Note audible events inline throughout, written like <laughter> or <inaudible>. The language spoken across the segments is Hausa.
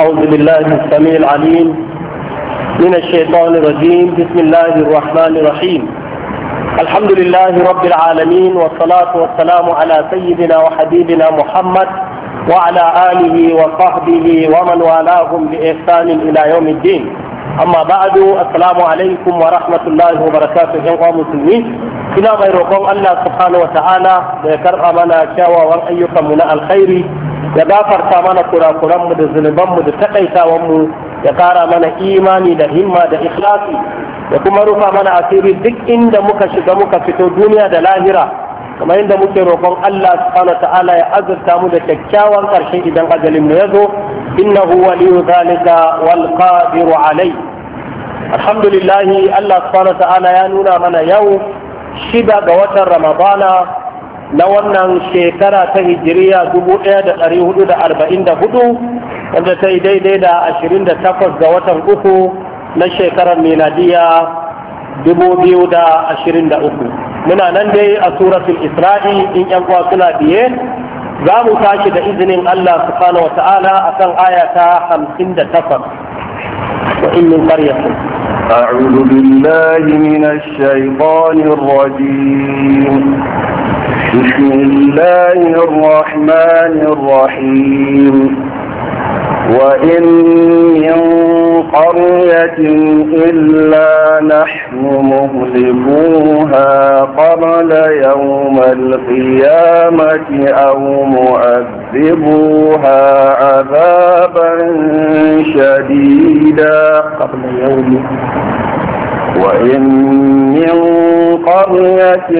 أعوذ بالله السميع العليم من الشيطان الرجيم بسم الله الرحمن الرحيم الحمد لله رب العالمين والصلاة والسلام على سيدنا وحبيبنا محمد وعلى آله وصحبه ومن والاهم بإحسان إلى يوم الدين أما بعد السلام عليكم ورحمة الله وبركاته جمع مسلمين إلى غير الله سبحانه وتعالى ذكر أمانا شاوى وأيكم من الخير ya gafarta mana kurakuranmu da zunubanmu da taƙaitawanmu ya kara mana imani da himma da ikhlasi da kuma rufa mana asiri duk inda muka shiga muka fito duniya da lahira kamar inda muke roƙon Allah subhanahu ta'ala ya azurta mu da kyakkyawan ƙarshen idan ajalin mu ya zo innahu waliyu zalika wal qadiru alai alhamdulillah Allah subhanahu ta'ala ya nuna mana yau shida ga watan Ramadana na wannan shekara ta hijiriya 1444 wanda ta yi daidai da 28 ga watan uku na shekarar miladiya 2023 muna nan dai a suratul isra'i in yan uwa suna biye za mu tashi da izinin Allah subhanahu wa ta'ala akan aya ta 58 wa in min qaryatin أعوذ بالله من الشيطان الرجيم بسم الله الرحمن الرحيم وإن من قرية إلا نحن مهلكوها قبل يوم القيامة أو مؤذبوها عذابا شديدا قبل يوم وإن من قرية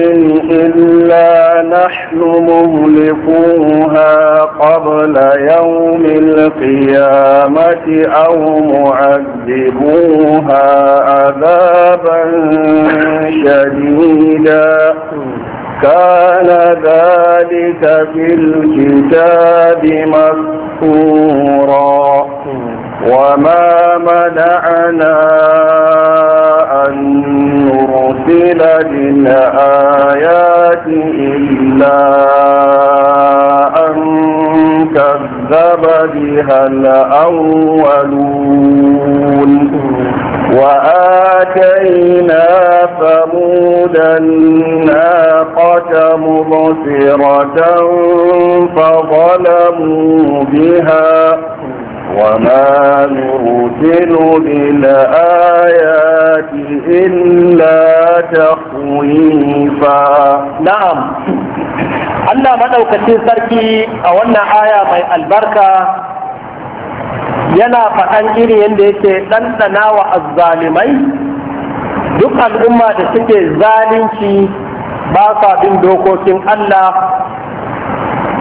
إلا نحن مهلكوها قبل يوم القيامة أو معذبوها عذابا شديدا كان ذلك في الكتاب مسطورا وما منعنا أن نرسل بالآيات إلا أن كذب بها الأولون وآتينا ثمود الناقة مبصرة فظلموا بها وما نرسل بالآيات إلا تخويفا نعم الله مدوكتين سركي أولنا آية من البركة yana faɗan iri yadda yake ɗanɗana wa azzalimai duk al'umma da suke zalunci ba sa bin dokokin Allah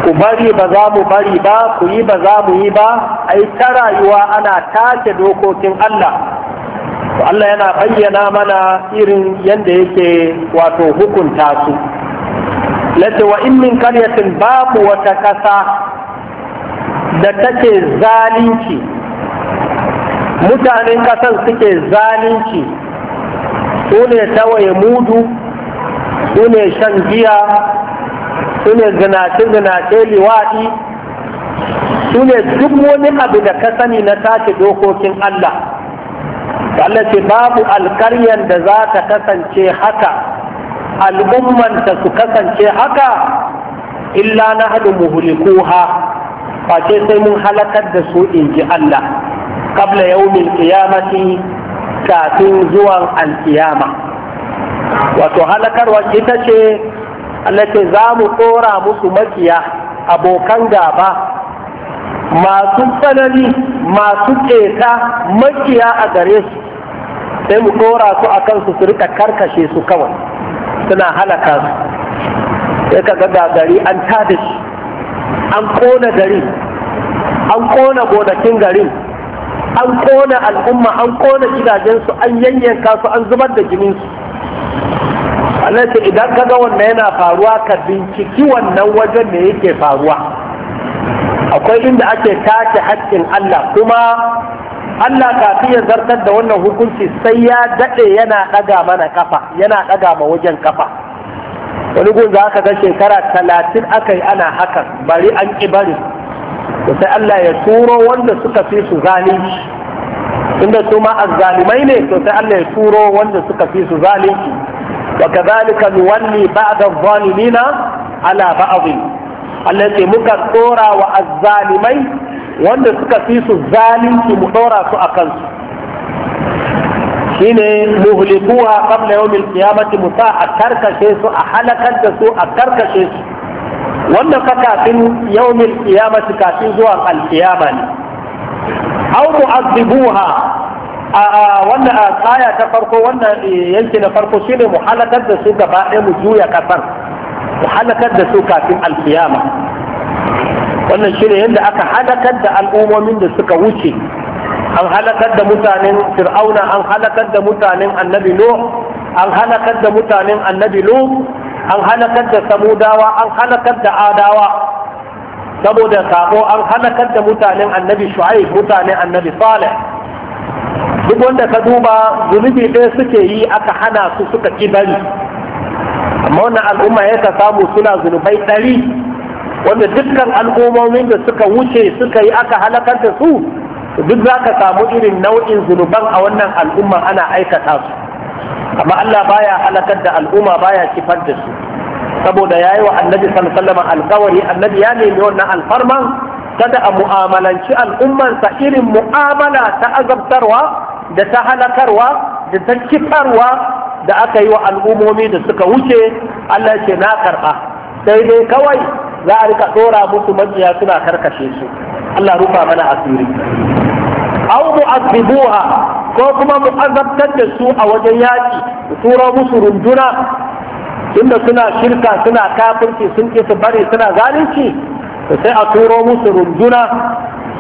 ku bari ba za mu bari ba ku yi ba za mu yi ba a yi ta rayuwa ana take dokokin Allah Allah yana bayyana mana irin yadda yake wato hukunta su Lati wa in min karyatin babu wata kasa da take zalunci mutanen kasan suke zalunci su ne tawaye mudu su ne shan giya su ne zinace-zinace liwaɗi su ne duk wani abu da ka sani na tace dokokin Allah Allah ce babu alkaryar da za ta kasance haka al'ummanta su kasance haka illa na haɗu ha face sai mun halakar da su in ji Allah kabla yaumin kiyamati kafin zuwan alkiyama wato halakarwa ita ce Allah za mu tsora musu makiya abokan gaba masu tsanani masu ƙeta makiya a gare su sai mu tsora su a kansu su rika karkashe su kawai suna halaka su sai ka ga gari an tada shi an kona gari an kona gonakin garin an kona al'umma an kona gidajensu an yanyanka su an zubar da jininsu Allah ce idan ka ga wannan yana faruwa ka binciki wannan wajen da yake faruwa akwai inda ake tace haƙƙin Allah kuma Allah kafin ya zartar da wannan hukunci sai ya daɗe yana ɗaga mana kafa yana ɗaga ma wajen kafa wani gun za ka ga shekara talatin aka yi ana hakan bari an ƙi bari sai Allah ya turo wanda suka fi su zalunci inda su ma ne sai Allah ya turo wanda suka fi su zalunci وكذلك نولي بعد الظالمين على بعض التي مكن دورا والظالمين wanda suka fi su zalunci mu ɗora su a kansu shine muhlikuha qabla yawmil mu musa a karkashe su a halakar da su a karkashe su wanda fa kafin yawmil qiyamati kafin zuwa alkiyama ne mu mu'azzibuha a tsaya ta farko wannan eh, yanki na farko shine mu halakar da su gaba ɗaya mu juya ƙasar. mu halakar da su kafin alfiyama. wannan shine yadda aka halakar da al'ummomin da suka wuce an halakar da mutanen fir'auna an halakar da mutanen annabi nuh an halakar da mutanen annabi lut an halakar da samudawa an halakar da adawa saboda sabo an halakar da mutanen annabi shu'aib mutanen annabi salih duk wanda ka duba zunubi ɗaya suke yi aka hana su suka ƙi bari amma wannan al'umma ya ka samu suna zunubai ɗari wanda dukkan al'ummomin da suka wuce suka yi aka halakar da su duk za ka samu irin nau'in zunuban a wannan al'umma ana aikata su amma Allah baya halakar da al'umma baya kifar da su saboda yi wa annabi sallallahu alaihi annabi ya nemi wannan alfarman kada a mu'amalanci al'ummansa irin mu'amala ta azabtarwa da ta halakarwa da ta kifarwa da aka yi wa al'ummomi da suka wuce Allah ce na karɓa sai dai kawai za a rika ɗora musu majiya suna karkashe su Allah rufa mana asiri au mu'azzibuha ko kuma mu azabtar da su a wajen yaki, su turo musu runduna inda suna shirka suna kafirci sun ƙi su bari suna zalunci da sai a turo musu runduna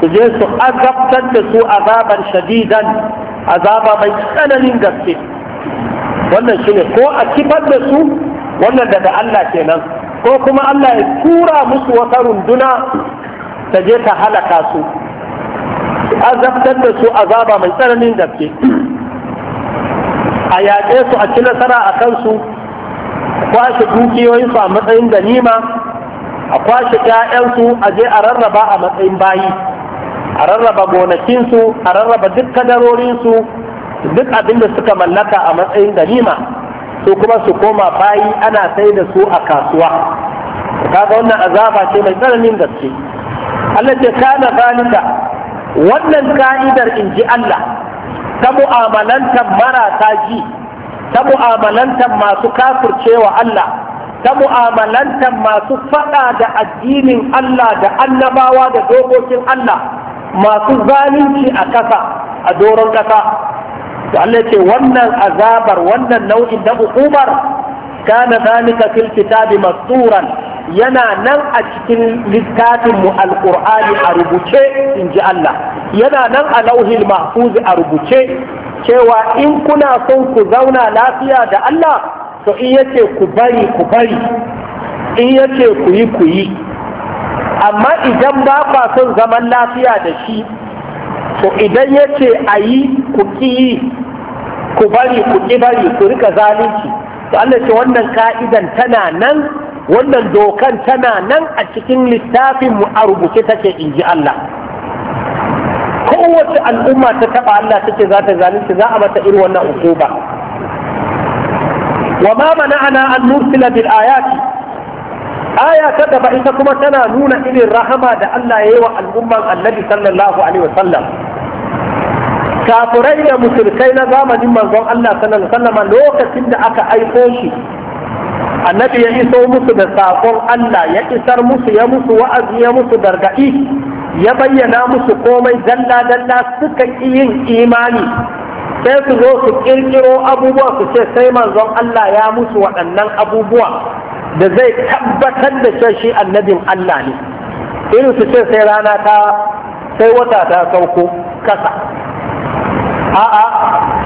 su je su azabtar da su azaban shadidan azaba mai tsananin gaske wannan shine ko a kifar da su wannan daga Allah kenan ko kuma Allah ya tura musu wata runduna ta je ta halaka su su azabtar da su azaba mai tsananin gaske a yaƙe su a ci nasara a kansu kwashe dukiyoyinsu a matsayin ganima a kwashe 'ya'yansu a je a rarraba a matsayin bayi a rarraba gonakinsu a rarraba duk kadarorinsu duk abin da suka mallaka a matsayin ganima su kuma su koma bayi ana sai da su a kasuwa kaga wannan azaba ce mai tsananin gaske Allah ce kana zalika wannan ka'idar in ji Allah ta mu'amalantar marasa ji ta mu'amalantar masu kafircewa Allah ta mu'amalantar masu faɗa da addinin Allah da annabawa da dokokin Allah masu zalunci a ƙasa a doron ƙasa to Allah ce wannan azabar wannan nau'in na hukumar kana zalika fil kitabi masturan yana nan a cikin littafin mu alqur'ani a rubuce inji Allah yana nan a lauhil mahfuz a rubuce cewa in kuna son ku zauna lafiya da Allah to in yace ku bari ku bari in yace ku yi ku yi amma idan ba ba son zaman lafiya da shi to idan ya ce a yi ku ƙi ku bari ku ki bari ku rika zalunci to Allah ce wannan ka'idan tana nan wannan dokan tana nan a cikin littafin mu a rubuce take in ji Allah kowace al'umma ta taɓa Allah take za ta zalunci za a mata irin wannan hukuma wa ma ana an mursila bil ayati aya ta gaba ita kuma tana nuna irin rahama da Allah ya yi wa al'umman annabi sallallahu alaihi sallam. kafirai da musulkai na zamanin manzon Allah sallallahu alaihi lokacin da aka aiko shi annabi ya iso musu da sakon Allah ya isar musu ya musu wa'azi ya musu gargaɗi ya bayyana musu komai dalla dalla suka yin imani sai su zo su kirkiro abubuwa su ce sai manzon Allah ya musu waɗannan abubuwa da zai tabbatar da cewa shi annabin Allah ne irin su ce sai rana ta sai wata ta sauko kasa a'a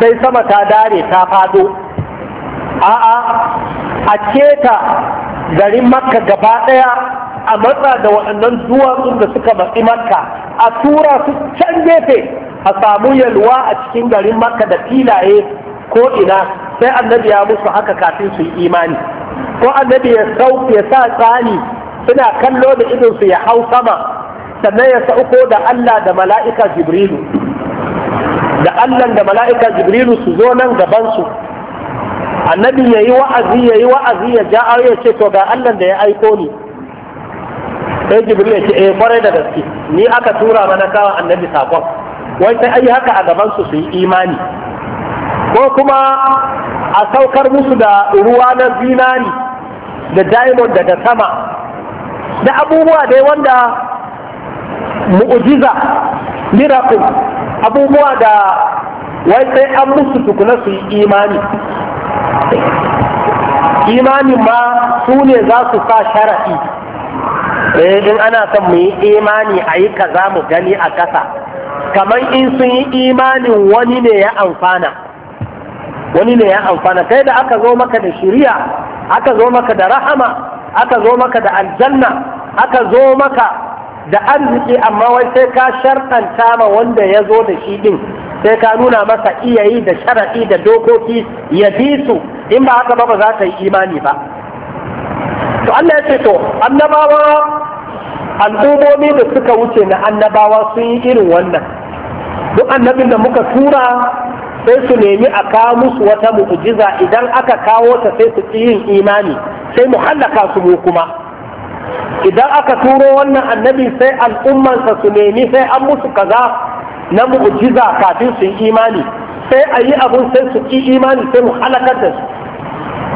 sai sama ta dare ta fado a'a a keta garin makka gaba daya a matsa da waɗannan duwatsun da suka matsi makka a tura su can gefe a samu yalwa a cikin garin makka da filaye ko ina sai annabi ya musu haka kafin su yi imani ko annabi ya sau ya sa tsani suna kallo da su ya hau sama sannan ya sauko da Allah da mala'ika Jibrilu da Allah da mala'ika Jibrilu su zo nan gabansu annabi ya yi wa'azi ya yi wa'azi ya ja ya ce to ga Allah da ya aiko ni sai Jibril ya ce eh kware da gaske ni aka tura mana kawo annabi sakon wai sai ai haka a gabansu su yi imani ko kuma a saukar musu da ruwa na zinari da diamond daga sama da abubuwa dai wanda mu'ujiza miracle abubuwa da wai sai an musu tukuna su yi imani imani ma su ne za su sa shara'i eh in ana son mu yi imani a yi kaza mu gani a ƙasa kamar in sun yi imanin wani ne ya amfana wani ne ya amfana kai da aka zo maka da shiriya aka zo maka da rahama aka zo maka da aljanna aka zo maka da arziki amma wai sai ka sharɗanta ma wanda ya zo da shi ɗin sai ka nuna masa iyayi da sharaɗi da dokoki ya bi su in ba haka ba ba za ka yi imani ba to Allah ya ce to annabawa al'ummomi da suka wuce na annabawa sun yi irin wannan duk annabin da muka tura sai su nemi a kawo musu wata mu'jiza idan aka kawo ta sai su ƙi yin imani sai mu hallaka su mu kuma idan aka turo wannan annabi sai al'ummansa su nemi sai an musu kaza na mu'jiza kafin su yi imani sai a yi abun sai su yi imani sai mu halakar da su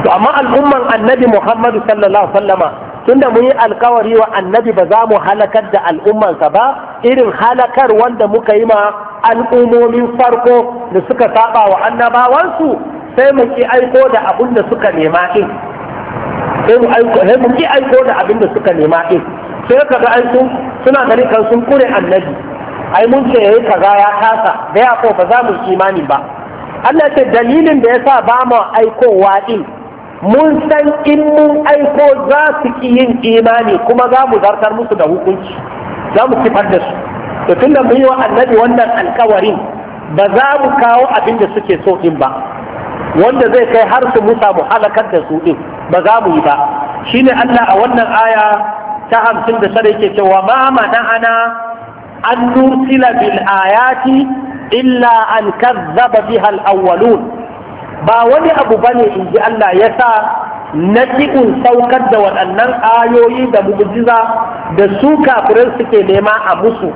to amma al'umman annabi muhammadu sallallahu alaihi wasallama tunda mun yi alkawari wa annabi ba za mu halakar da al'ummansa ba irin halakar wanda muka yi ma al'ummomin farko da suka saba wa annabawansu sai mu ki aiko da abin da suka nema din sai mu ki aiko da abin da suka nema din sai ka ga ai sun suna gari kan sun kure annabi ai mun ce yayi kaza ya kasa da ya ko ba za mu imani ba Allah ce dalilin da yasa ba mu aikowa din mun san in mun aiko za su ki yin imani kuma za mu zartar musu da hukunci za mu kifar da su to tunda mun yi wa annabi wannan alkawarin ba za mu kawo abin da suke so din ba wanda zai kai har su musa mu halakar da su din ba za mu yi ba shine Allah a wannan aya ta hamsin da sada yake cewa ma ana an nursila bil ayati illa an kazzaba biha al-awwalun ba wani abu bane in ji Allah ya sa na cikin saukar da waɗannan ayoyi da mu'jiza da su kafirin suke nema a musu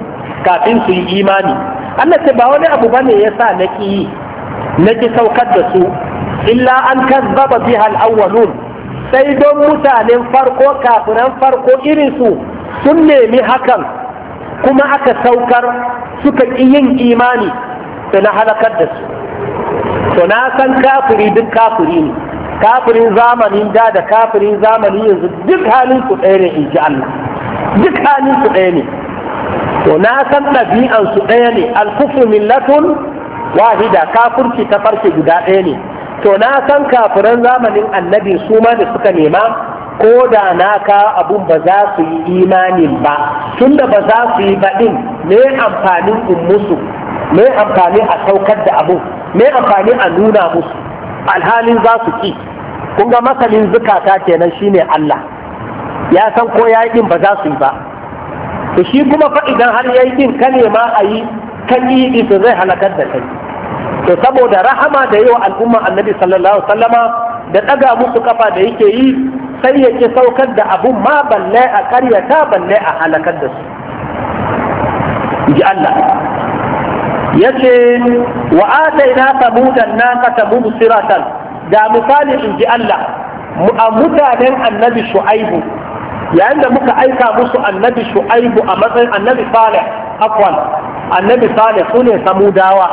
kafin su yi imani Allah ce ba wani abu ba ne ya sa na yi, na ki saukar da su illa an kazzaba biha al-awwalun sai don mutanen farko kafiran farko irin su sun nemi hakan kuma aka saukar suka yin imani da na halakar da su to na san kafiri duk kafiri ne kafirin zamanin da da kafirin zamani yanzu duk halin su ɗaya ne in Allah duk halin su ɗaya ne to na san ɗabi'an su ɗaya ne alkufru millatun wahida kafirci ta farke guda ɗaya ne to na san kafiran zamanin annabi su ma da suka nema ko da na ka abun ba za su yi imanin ba tunda ba za su yi ba din me amfanin in musu me amfani a saukar da abu me amfani a nuna musu alhalin za su ki kun ga masalin zukata kenan shine Allah ya san ko ya yi ba za su yi ba to shi kuma fa idan har ya yi ka nema ma a yi kan yi to zai halakar da kai to saboda rahama da yawa al'umma annabi sallallahu alaihi wasallama da daga musu kafa da yake yi sai ya saukar da abun ma balle a karyata balle a halakar da su ji Allah yace wa ataina samudan naqata mubsiratan da misali in ji Allah mutanen annabi shu'aibu yayin da muka aika musu annabi shu'aibu a matsayin annabi salih afwan annabi salih sune samudawa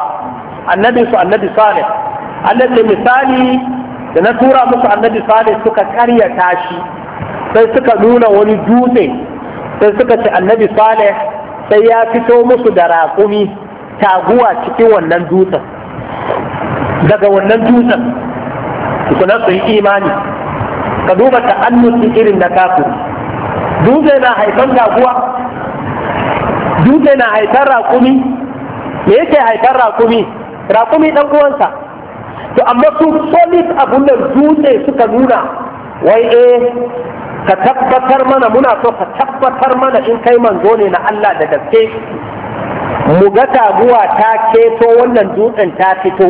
annabi su annabi salih annabi misali da na tura musu annabi salih suka karya tashi sai suka nuna wani dutse sai suka ce annabi salih sai ya fito musu da raƙumi taguwa cikin wannan dutsen daga wannan dutsen tukuna su yi imani ka duba ta ta'annutin irin na kafin. dutse na haifan taguwa dutse na haifar raƙumi me yake haifar raƙumi raƙumi ɗan uwansa to amma su solid abun da dutse suka nuna wai eh ka tabbatar mana muna so ka tabbatar mana in kai manzo ne na Allah da gaske mu ga taguwa ta keto wannan dutsen ta fito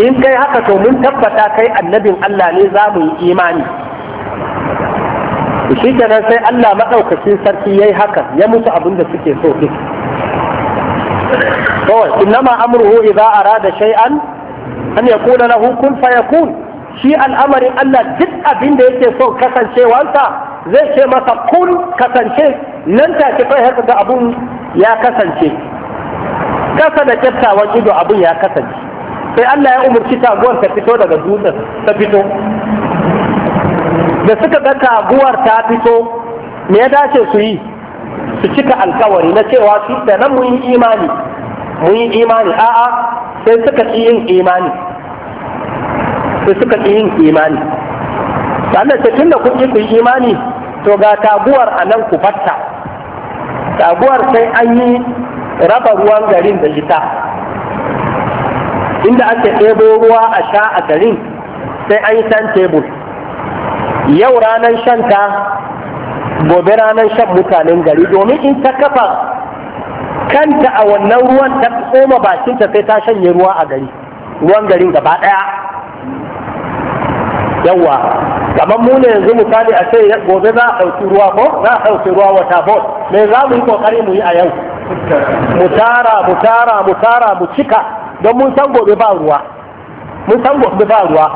in kai haka to mun tabbata kai annabin Allah ne za mu yi imani shi kenan sai Allah maɗaukacin sarki ya yi haka ya mutu abin da suke so ɗin kawai innama amruhu idza arada shay'an an yakuna lahu kun fayakun shi al'amarin Allah duk abin da yake so kasancewansa, zai ce masa kun kasance nan take kai haka ga abun ya kasance kasa da kyaftawan ido abin ya kasance sai Allah ya umarci taguwar ta fito daga dutsen ta fito da suka ga taguwar ta fito me ya dace su yi su cika alkawari na cewa su da nan mun yi imani mun yi imani a'a sai suka ƙi yin imani sai suka ƙi yin imani sannan sai tun da kun yi ku yi imani to ga taguwar a nan ku fatta sabuwar sai an yi raba ruwan garin da ita inda ake ɗebo ruwa a sha a garin sai an yi san tebur yau ranar shan gobe ranar shan mutanen gari domin in ta kafa kanta a wannan ruwan ta tsoma bakin ta sai ta shanye ruwa a gari ruwan garin gaba ɗaya yawa kamar mu ne yanzu misali a ce gobe za a ɗauki ruwa ko za a ɗauki ruwa wata bot me za mu yi kokari mu yi a yau mu tara mu tara mu tara mu cika don mun san gobe ba ruwa mun san gobe ba ruwa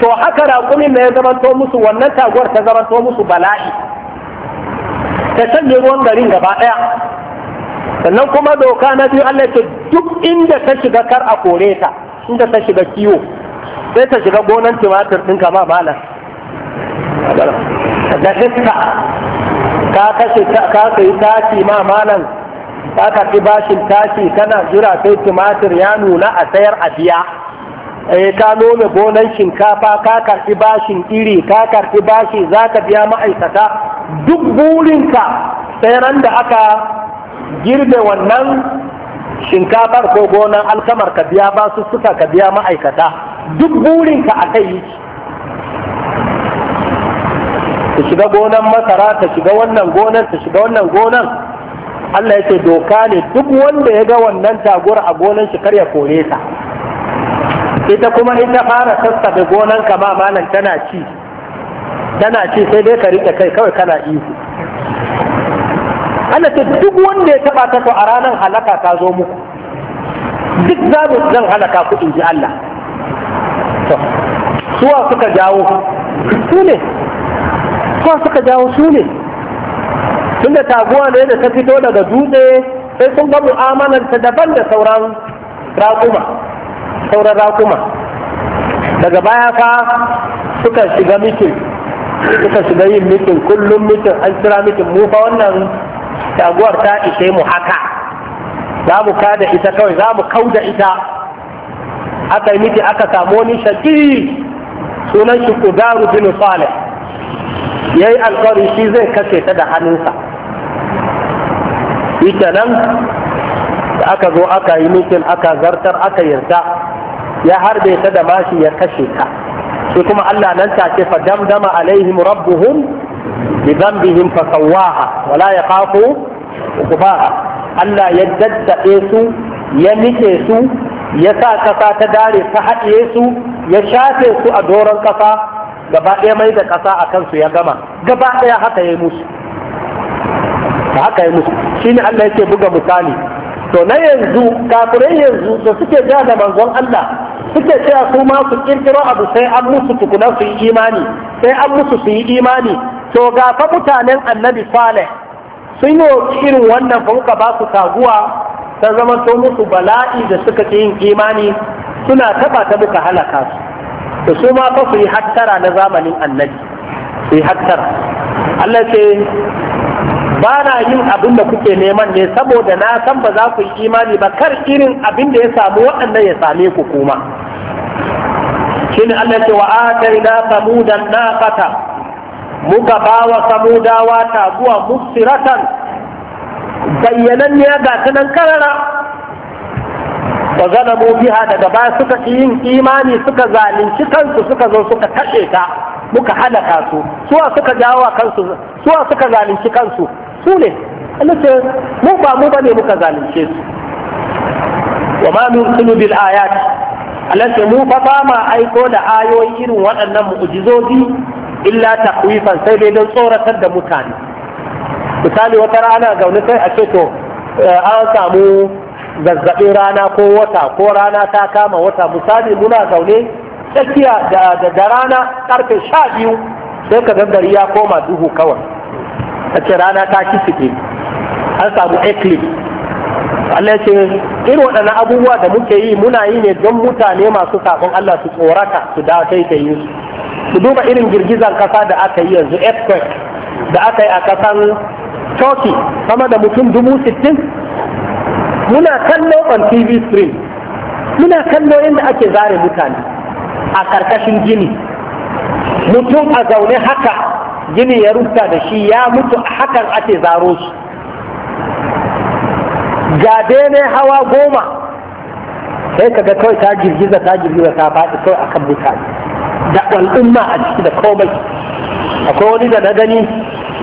to haka raƙumin na ya to musu wannan taguwar ta to musu bala'i ta canje ruwan garin gaba ɗaya sannan kuma doka na biyu Allah ce duk inda ta shiga kar a kore ta inda ta shiga kiwo sai ta shiga gonan tumatir ɗin kama malam da iska ka kashe ka kai taki ma malam ka kafi bashin taki kana jira sai tumatir ya nuna a sayar a biya eh ka nome gonan shinkafa ka karfi bashin iri ka karfi bashi za biya ma'aikata duk burinka sai ran da aka girbe wannan shinkafar ko gonan alkamar ka biya basu suka ka biya ma'aikata duk burinka akai. yi ta shiga gonan masara ta shiga wannan gonan ta shiga wannan gonan Allah ya ce doka ne duk wanda ya ga wannan taguwar a gonan shi kar ya kore ta ita kuma in ta fara da gonan ka ma malam tana ci tana ci sai dai ka rike kai kawai kana ihu Allah ce duk wanda ya taba ta to a ranar halaka ta zo muku duk za mu zan halaka ku in ji Allah suwa suka jawo su ne abubuwa suka jawo su ne tun da taguwa ne da ta fito daga dutse sai sun ga mu'amalar ta daban da sauran raƙuma sauran raƙuma daga baya fa suka shiga mitin suka shiga yin mitin kullum mitin an kira mitin mu fa wannan taguwar ta ishe mu haka za mu kada ita kawai za mu da ita aka yi miti aka samu wani shaƙi sunan shi kudaru bin salih ya yi alkawari shi zai kashe ta da hannunsa ita nan da aka zo aka yi mitin aka zartar aka yarda ya harbe ta da mashi ya kashe ta sai kuma Allah nan take fa damdama alaihim rabbuhum bi dhanbihim fa sawaha wala yaqafu uqbaha Allah ya daddaɗe su ya nike su ya sa kasa ta dare ta haɗiye su ya shafe su a doron kasa gaba ɗaya mai da ƙasa a kansu ya gama gaba ɗaya haka ya yi musu haka ya musu shi ne Allah yake buga misali to na yanzu kafirai yanzu da suke ja da manzon Allah suke cewa su ma su kirkiro abu sai an musu tukuna su yi imani sai an musu su yi imani to ga fa mutanen annabi Saleh sun yi irin wannan fa ba su taguwa ta zama to musu bala'i da suka ki yin imani suna taba ta muka halaka su to su ma fa su yi hattara na zamanin annabi su yi hattara Allah ce ba na yin abin da kuke neman ne saboda na san ba za ku yi imani ba kar irin abin da ya samu waɗanda ya same ku kuma ne Allah ce wa atayna samudan fata muka bawa samudawa zuwa musiratan bayyananniya ga ta nan karara wa zalamu biha daga baya suka yin imani suka zalunci kansu suka zo suka kashe ta muka halaka su suwa suka jawo kansu suwa suka zalunci kansu su ne alice mu ba mu bane muka zalunce su wa ma nursilu bil ayat alice mu fa ba ma aiko da ayoyi irin waɗannan mu'jizozi illa takwifan sai dai don tsoratar da mutane misali wata rana gauni sai a ce to eh, an samu zazzabin rana ko wata ko rana ta kama wata misali muna zaune tsakiya da rana karfe sha biyu sai ka gangari ya koma duhu kawai a ce rana ta kisike an samu eclipse Allah ce irin waɗannan abubuwa da muke yi muna yi ne don mutane masu saƙon Allah su tsorata su da kai ta yi su duba irin girgizar kasa da aka yi yanzu earthquake da aka yi a ƙasar Turkey sama da mutum dubu sittin muna kallo on tv screen muna kallo yadda ake zare mutane a karkashin gini mutum a zaune haka gini ya rufta da shi ya mutu a hakan ake zaro shi ne hawa goma sai kaga kawai ta girgiza ta girgiza ta faɗi kawai akan mutane da al'umma a ciki da komai akwai wani da na gani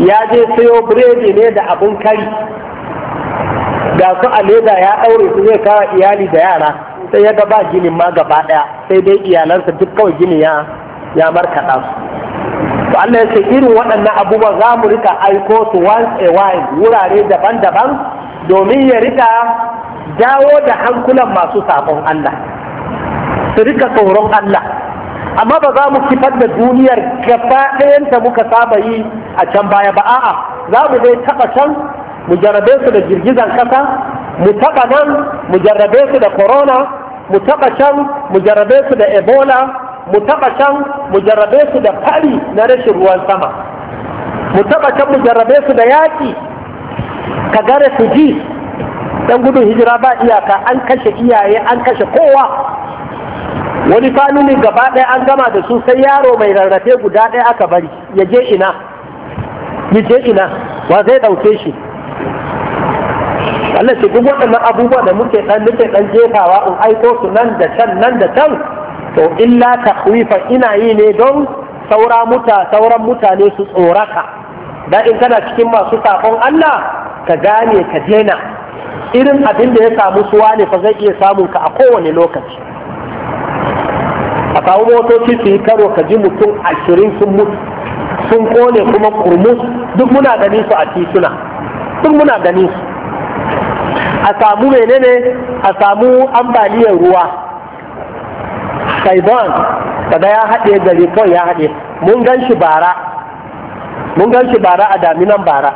ya je sayo biredi ne da abun kari ga su a leda ya ɗaure su zai kawo iyali da yara sai ya gaba gini ma gaba ɗaya sai dai iyalansa duk kawai gini ya ya markaɗa su to Allah ya ce irin waɗannan abubuwa za mu rika aiko su once a while wurare daban-daban domin ya rika dawo da hankulan masu sabon Allah su rika tsoron Allah amma ba za mu kifar da duniyar gaba ɗayanta muka saba yi a can baya ba a'a za mu dai taɓa can mu jarrabe su da girgizan kasa mu taɓa nan mu jarrabe su da corona mu taɓa can mu jarrabe su da ebola mu taɓa can mu jarrabe su da fari na rashin ruwan sama mu taɓa can mu jarrabe su da yaƙi ka ga refugee dan gudun hijira ba iyaka an kashe iyaye an kashe kowa wani fanuni gaba ɗaya an gama da su sai yaro mai rarrafe guda ɗaya aka bari ya je ina ya je ina wa zai ɗauke shi Allah ce duk waɗannan abubuwa da muke dan muke dan jefawa in aiko su nan da can nan da can to illa takwifa ina yi ne don saura muta sauran mutane su tsoraka da in kana cikin masu sakon Allah ka gane ka dena irin abin da ya samu suwa ne fa zai iya samun ka a kowane lokaci a kawo motoci su yi karo ka ji mutum ashirin sun mutu sun kone kuma kurmus duk muna gani su a tituna duk muna gani su a samu menene a samu ambaliyar ruwa saibon kaga ya haɗe gari kawai ya haɗe mun gan shi bara mun gan shi bara a daminan bara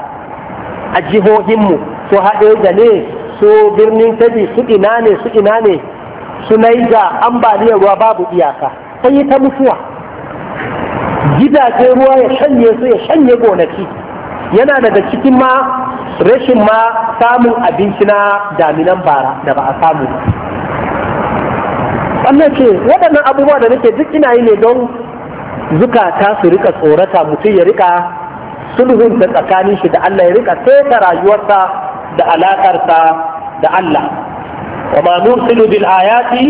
a jihohinmu su haɗe da ne su birnin tabi su ina ne su ina ne su naija ambaliyar ruwa babu iyaka ta yi ta mutuwa gidaje ruwa ya shanye su ya shanye gonaki yana daga cikin ma rashin ma samun abinci na daminan bara da ba a samu wannan ce waɗannan abubuwa da nake duk ina yi ne don zukata su rika tsorata mutum ya rika sulhun da tsakanin shi da Allah ya rika saita rayuwarsa da alaƙarsa da Allah wa ma nursilu bil ayati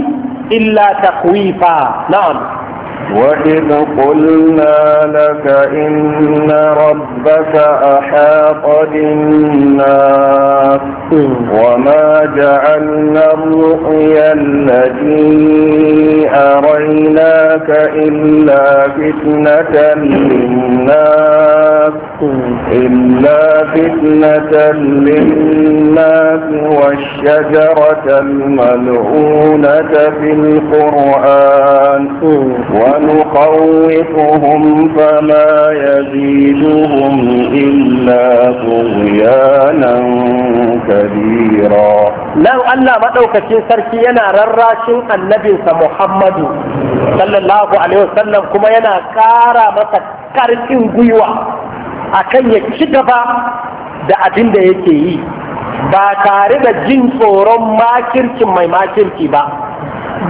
illa takwifa na'am وإذ قلنا لك إن ربك أحاط بالناس وما جعلنا الرؤيا التي أريناك إلا فتنة للناس إلا فتنة للناس والشجرة الملعونة في القرآن ونخوفهم فما يزيدهم إلا طغيانا كبيرا لو أن ما دوكتين سركي أنا رراشين النبي محمد صلى الله عليه وسلم كما ينا كارا مسا كارتين قيوة akan ya ci gaba da abin da yake yi ba tare da jin tsoron makircin mai makirci ba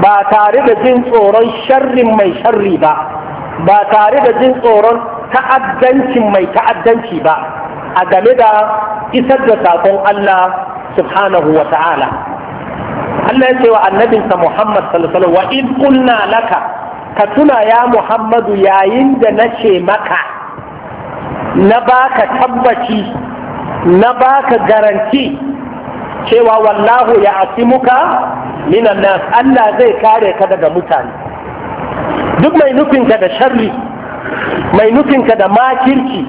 ba tare da jin tsoron sharrin mai sharri ba ba tare da jin tsoron ta'addancin mai ta'addanci ba a game da isar da sakon Allah subhanahu wa ta'ala Allah ya ce wa annabinsa Muhammad sallallahu wa in kunna laka ka tuna ya Muhammadu yayin da na ce maka na baka tabbaci na baka garanti cewa wallahu ya asimuka minan nas Allah zai kare ka daga mutane duk mai nufinka da sharri mai nufinka da makirci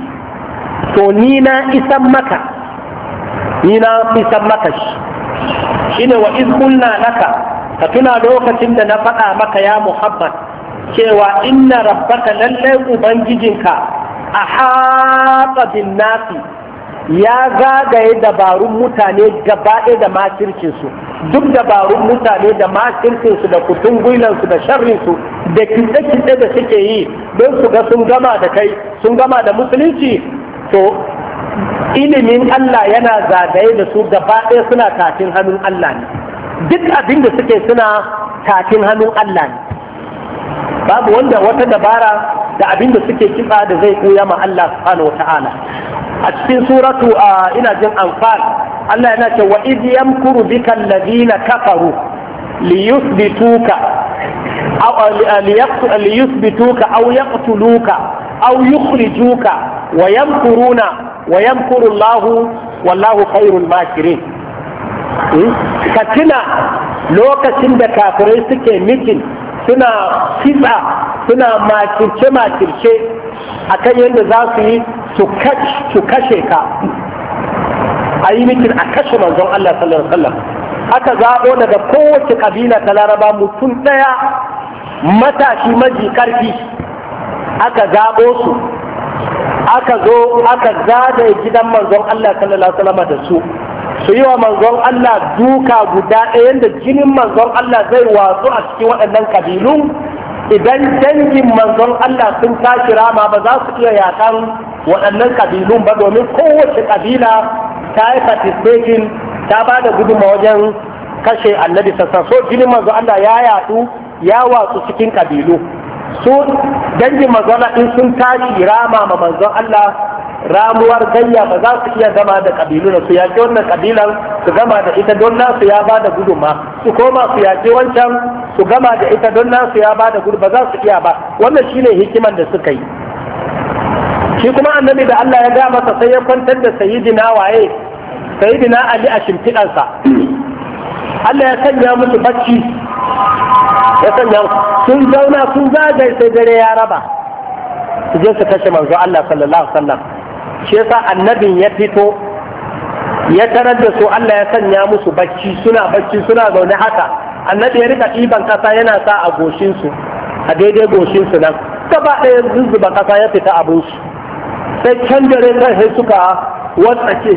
to ni na isan maka ni na isan maka shi shine wa iz qulna laka ka tuna lokacin da na faɗa maka ya Muhammad cewa inna rabbaka lallai ubangijinka a haƙa bin nasi ya zagaye dabarun mutane gaba da makircinsu duk dabarun mutane da makircinsu da kutun gwilansu da sharrinsu da kitse-kitse da suke yi don su ga sun gama da kai sun gama da musulunci to ilimin Allah yana zagaye da su gaba suna tafin hannun Allah ne duk abin da suke suna tafin hannun Allah ne babu wanda wata dabara da abin da suke kitsa da zai koya ma Allah subhanahu wa ta'ala a cikin suratu ina jin anfal Allah yana ce wa idh yamkuru bika alladhina kafaru liyuthbituka aw liyuthbituka aw yaqtuluka aw yukhrijuka wa yamkuruna wa yamkuru Allah wallahu khairul makirin hmm? ka tuna lokacin da kafirai suke mikin suna kitsa suna makirce makirce a kan yadda za su yi su kashe ka a yi mikin a kashe manzon Allah sallallahu alaihi wasallam aka zaɓo daga kowace kabila ta laraba mutum ɗaya matashi maji ƙarfi aka zaɓo su aka zo aka zagaye gidan manzon Allah sallallahu alaihi wasallam da su su yi wa manzon Allah duka guda ɗayan da jinin manzon Allah zai watsu a cikin waɗannan kabilu idan dangin manzon Allah sun tashi rama ba za su iya yakan waɗannan kabilun ba domin kowace kabila ta yi participating ta ba da gudunma wajen kashe annabi sassan so jinin manzon Allah ya yadu, ya watsu cikin kabilu su dangin manzon in sun tashi rama ma manzon Allah ramuwar gayya ba za su iya gama da kabilu na su yaƙi wannan kabilan su gama da ita don nasu ya ba da gudunma su koma su yaƙi wancan su gama da ita don nasu ya ba da gudunma ba za su iya ba wannan shine hikiman da suka yi shi kuma annabi da Allah ya ga masa sai ya kwantar da sayyidina waye sayyidina Ali a shimfiɗansa Allah ya sanya musu bacci ya sanya sun zauna sun zagaye sai dare ya raba su je su kashe manzo Allah sallallahu alaihi wasallam shi yasa annabin ya fito ya tarar da su Allah ya sanya musu bacci suna bacci suna zaune haka annabi ya rika ɗiban kasa yana sa a su a daidai su nan gaba ɗaya zuzzuba ƙasa ya fita su sai can dare sai suka ce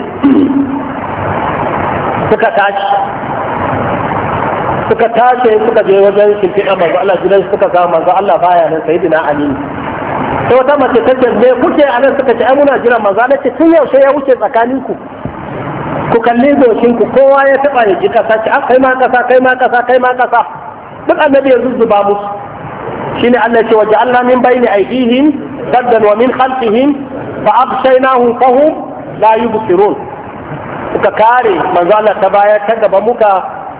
<clears throat> suka tashi suka tashi suka je wajen shimfiɗa manzo Allah gidan suka ga manzo Allah baya nan sayyidina Ali sai wata mace ta ce me kuke a nan suka ce ai muna jira maza na ce tun yaushe ya wuce tsakanin ku ku kalli dokin ku kowa ya taba ya ji kasa ce ah, kai ma kasa kai ma kasa kai ma kasa duk annabi ya zuzzuba musu shine Allah ce waje Allah min bayni aidihim saddan wa min khalfihim fa abshaynahum fahum la yubsirun kuka kare manzo Allah ta baya ta gaba muka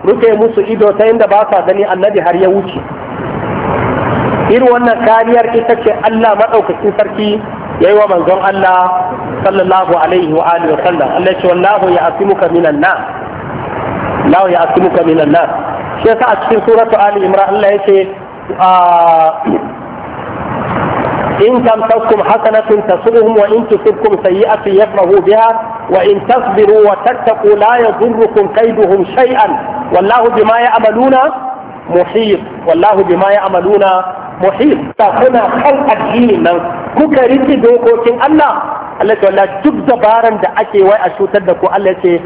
rufe musu ido ta inda ba sa gani annabi har ya wuce irin wannan kariyar ita ce Allah maɗaukacin sarki ya yi wa manzon Allah sallallahu alaihi wa alihi wa sallam Allah ce wallahu ya asimuka minan nas Allah ya asimuka minan nas shi yasa a cikin suratu Ali Imran Allah ya ce ah, in tamtaskum hasanatun tasuhum wa in tusibkum sayyi'atun yafrahu biha wa in tasbiru wa tattaqu la yadurrukum kaiduhum shay'an wallahu bima ya'maluna muhit wallahu bima ya'maluna Muhim, ta kuna kan addinin nan kuka riki dokokin Allah Allah ce wallahi duk dabaran da ake wai a cutar da ku Allah ce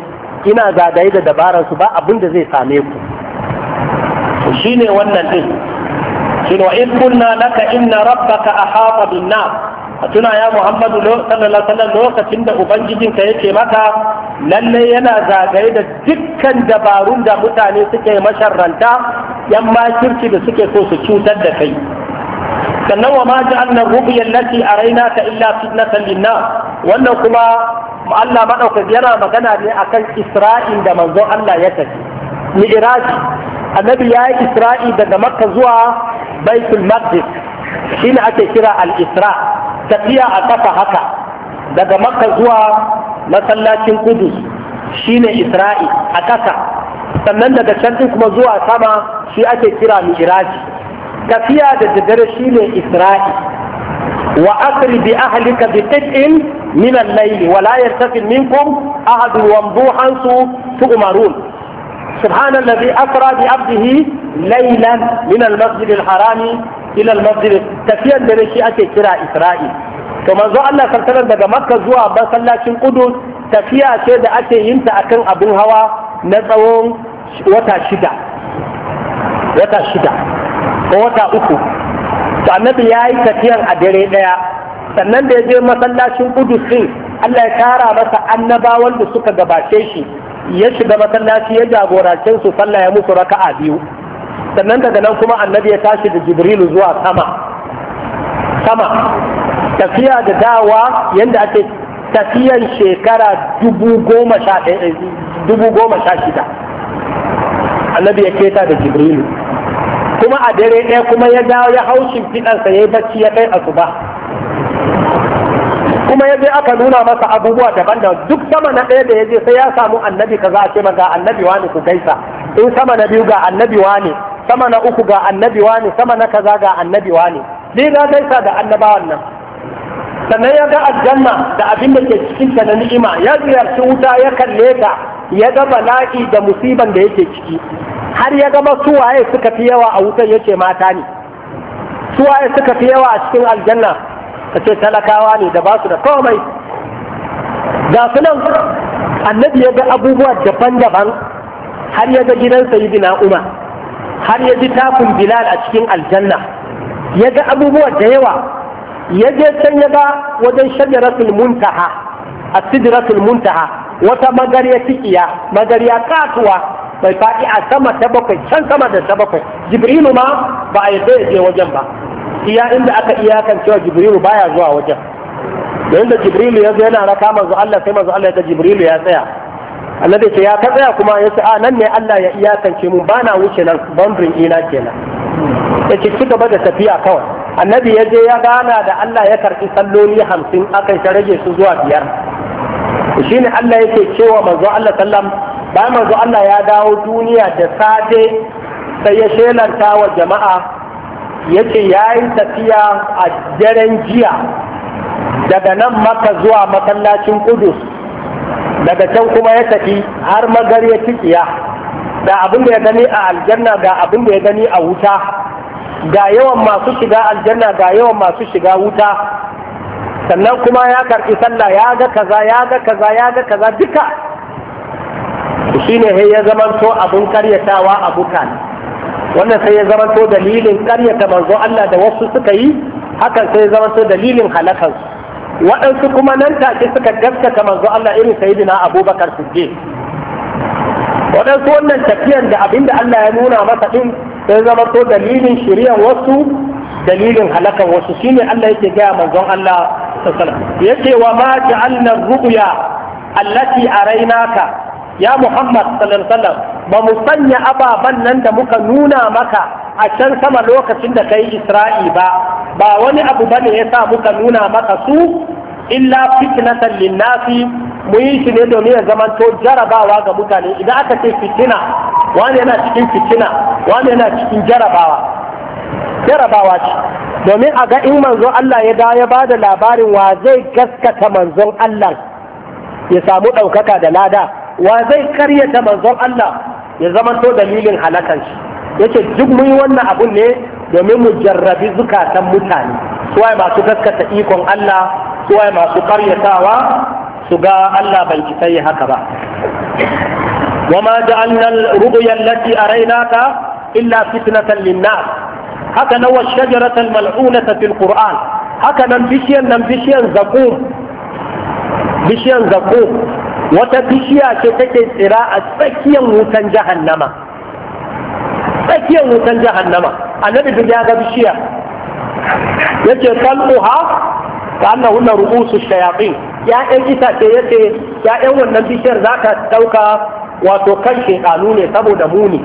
ina zagaye da dabaran su ba abin da zai same ku to shine wannan din shine wa in kunna laka inna rabbaka ahata bin nas a tuna ya muhammadu sallallahu lokacin da ubangijinka yake maka lalle yana zagaye da dukkan dabarun da mutane suke masharranta yan makirci da suke so su cutar da kai sannan wa ma ja'alna a raina ka illa fitnatan linnas wannan kuma Allah madaukaki yana magana ne akan Isra'il da manzon Allah ya tafi mi'raji annabi ya yi Isra'il daga Makka zuwa Baitul Maqdis shi ne ake kira al-isra tafiya a kafa haka daga makka zuwa masallacin kudus shi ne isra'i a kasa sannan daga can ɗin kuma zuwa sama shi ake kira mi'raji tafiya da daddare shi ne isra'i wa asri bi ahlika bi qit'in min al-layl wa la yartafi minkum ahad wamdu hansu tu'marun سبحان الذي أسرى بعبده ليلا من المسجد harami. ila al-masjid tafiyan da shi ake kira Isra'il, to manzo Allah sallallahu daga makka zuwa masallacin qudus tafiya ce da ake yin ta akan abin hawa na tsawon wata shida wata shida ko wata uku to annabi yayi tafiyan a dare daya sannan da ya je masallacin qudus din Allah ya kara masa annabawan da suka gabace shi ya shiga masallaci ya jagorace su sallah ya musu raka'a biyu sannan daga nan kuma annabi ya tashi da jibrilu zuwa sama sama tafiya da dawa yadda ake tafiyan shekara eh, dubu goma sha shida annabi ya keta da jibrilu kuma a dare ɗaya kuma ya dawo ya shi fiɗansa ya yi bacci ya kai asuba kuma ya je aka nuna masa abubuwa daban da duk sama na ɗaya da ya je sai ya samu annabi kaza a ce maga annabi wani ku gaisa in sama na biyu ga annabi wane sama na uku ga annabi wane sama na kaza ga annabi wane ni na gaisa da annabawan nan sannan ya ga aljanna da abin da ke cikin ta na ni'ima ya ziyarci wuta ya kalle ta ya ga bala'i da musiban da yake ciki har ya ga su waye suka fi yawa a wutan yace mata ne su waye suka fi yawa a cikin aljanna ka ce talakawa ne da ba su da komai ga su nan annabi ya ga abubuwa daban-daban har ya ga gidan sayyidina umar har ya ji takun bilal a cikin aljanna ya ga abubuwa da yawa ya je can ya ga wajen shajaratul muntaha a sidratul muntaha wata magarya tikiya magarya katuwa bai faɗi a sama ta bakwai can sama da ta bakwai jibrilu ma ba a yadda ya je wajen ba iya inda aka iyakan cewa jibrilu baya zuwa wajen da inda jibrilu ya zo yana raka manzo Allah sai manzo Allah ya ga jibrilu ya tsaya annabi ce ya ka tsaya kuma ya ce nan ne Allah ya iyakance mu bana wuce nan boundary ina kenan ya ce ci gaba da tafiya kawai annabi ya je ya gana da Allah ya karɓi salloli hamsin aka ta rage su zuwa biyar shine Allah yake cewa manzo Allah sallam bayan manzo Allah ya dawo duniya da safe sai ya shelanta wa jama'a yake yayin tafiya a daren jiya daga nan maka zuwa masallacin Qudus daga can kuma ya tafi har magar ya tsiya da abin da ya gani a aljanna ga abin da ya gani a wuta ga yawan masu shiga aljanna ga yawan masu shiga wuta sannan kuma ya karɓi sallah ya ga kaza ya ga kaza ya ga kaza duka shi ne ya zama so abin karyatawa a mutane, wannan sai ya zama so dalilin karyata manzo Allah da wasu suka yi hakan sai ya zama so dalilin halakansu waɗansu kuma nan take suka gaskata manzo Allah irin sayidina abubakar siddiq waɗansu wannan tafiyar da abinda Allah ya nuna masa ɗin sai zama to dalilin shiryan wasu dalilin halakan wasu shine Allah yake gaya manzon Allah yake wa ma ja'alna ru'ya allati arainaka ya Muhammad sallallahu alaihi ba mu sanya ababen nan da muka nuna maka a can sama lokacin da kai Isra'i ba ba wani abu bane ya sa muka nuna maka su illa fitnatan linnasi mu yi shi ne domin ya to jarabawa ga mutane idan aka ce fitina wani yana cikin fitina wani yana cikin jarabawa jarabawa ce domin a ga in manzon Allah ya dawo ya ba da labarin wa zai gaskata manzon Allah ya samu ɗaukaka da lada wa zai karyata manzon Allah ya to dalilin halakan shi yace duk mu yi wannan abun ne domin mu jarrabi zukatan mutane suwaye masu gaskata ikon Allah suwaye masu karyatawa su ga Allah bai isa yi haka ba Wama da ma ja'alna ru'ya a rainaka illa fitnatan lin-nas haka nan wa shajarata al-mal'unata fil qur'an haka nan bishiyan nan bishiyan zakum bishiyan zakum wata bishiya ce take tsira a tsakiyar wutan jahannama tsakiyar wutan jahannama annabi duk ya ga bishiya yace talquha ka anna hunna rubusu shayatin ya'yan itace yace ya'yan wannan bishiyar za ka dauka wato kan kanu ne saboda muni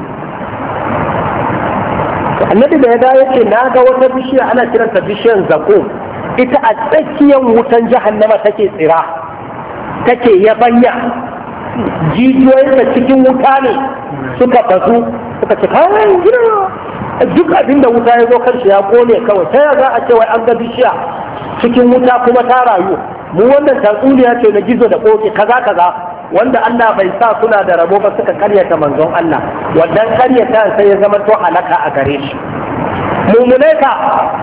annabi da ya da yace na ga wata bishiya ana kiranta bishiyar zako ita a tsakiyar wutan jahannama take tsira take yabanya jijiyoyinsa cikin wuta ne suka bazu suka ce kayan gida duk abin da wuta ya zo kan ya kone kawai ta yaga a cewa an ga bishiya cikin wuta kuma ta rayu mu wannan tatsuniya ce na gizo da koke kaza kaza wanda Allah bai sa suna da rabo ba suka karyata manzon Allah wannan karyata sai ya zama to halaka a gare shi mummunai ka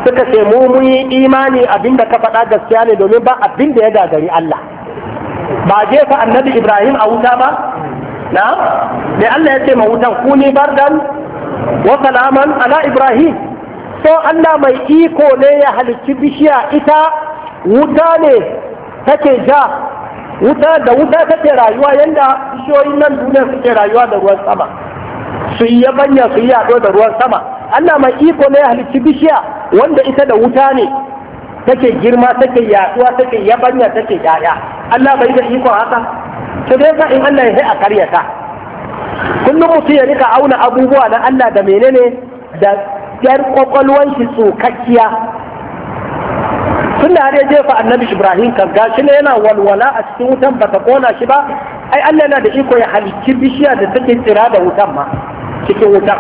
suka ce mu mun yi imani abinda ka faɗa gaskiya ne domin ba abinda da ya gagari Allah ba jefa annabi ibrahim a wuta ba na da Allah ya ce ma wutan kuni bardan wa salaman ala ibrahim so Allah mai iko ne ya halicci bishiya ita wuta ne take ja wuta da wuta take rayuwa yanda bishiyoyin nan duniya suke rayuwa da ruwan sama su yi yabanya su yi yaɗo da ruwan sama Allah mai iko ne ya halicci bishiya wanda ita da wuta ne take girma take yaduwa take yabanya take yaya Allah bai da iko haka to dai in Allah ya sai a karyata kullum mutum ya rika auna abubuwa na Allah da menene da yar kwakwalwan shi tsokakkiya tunda har ya jefa annabi Ibrahim kan gashi ne yana walwala a cikin wutan bata kona shi ba ai Allah yana da iko ya halicci bishiya da take tsira da wutan ma cikin wutan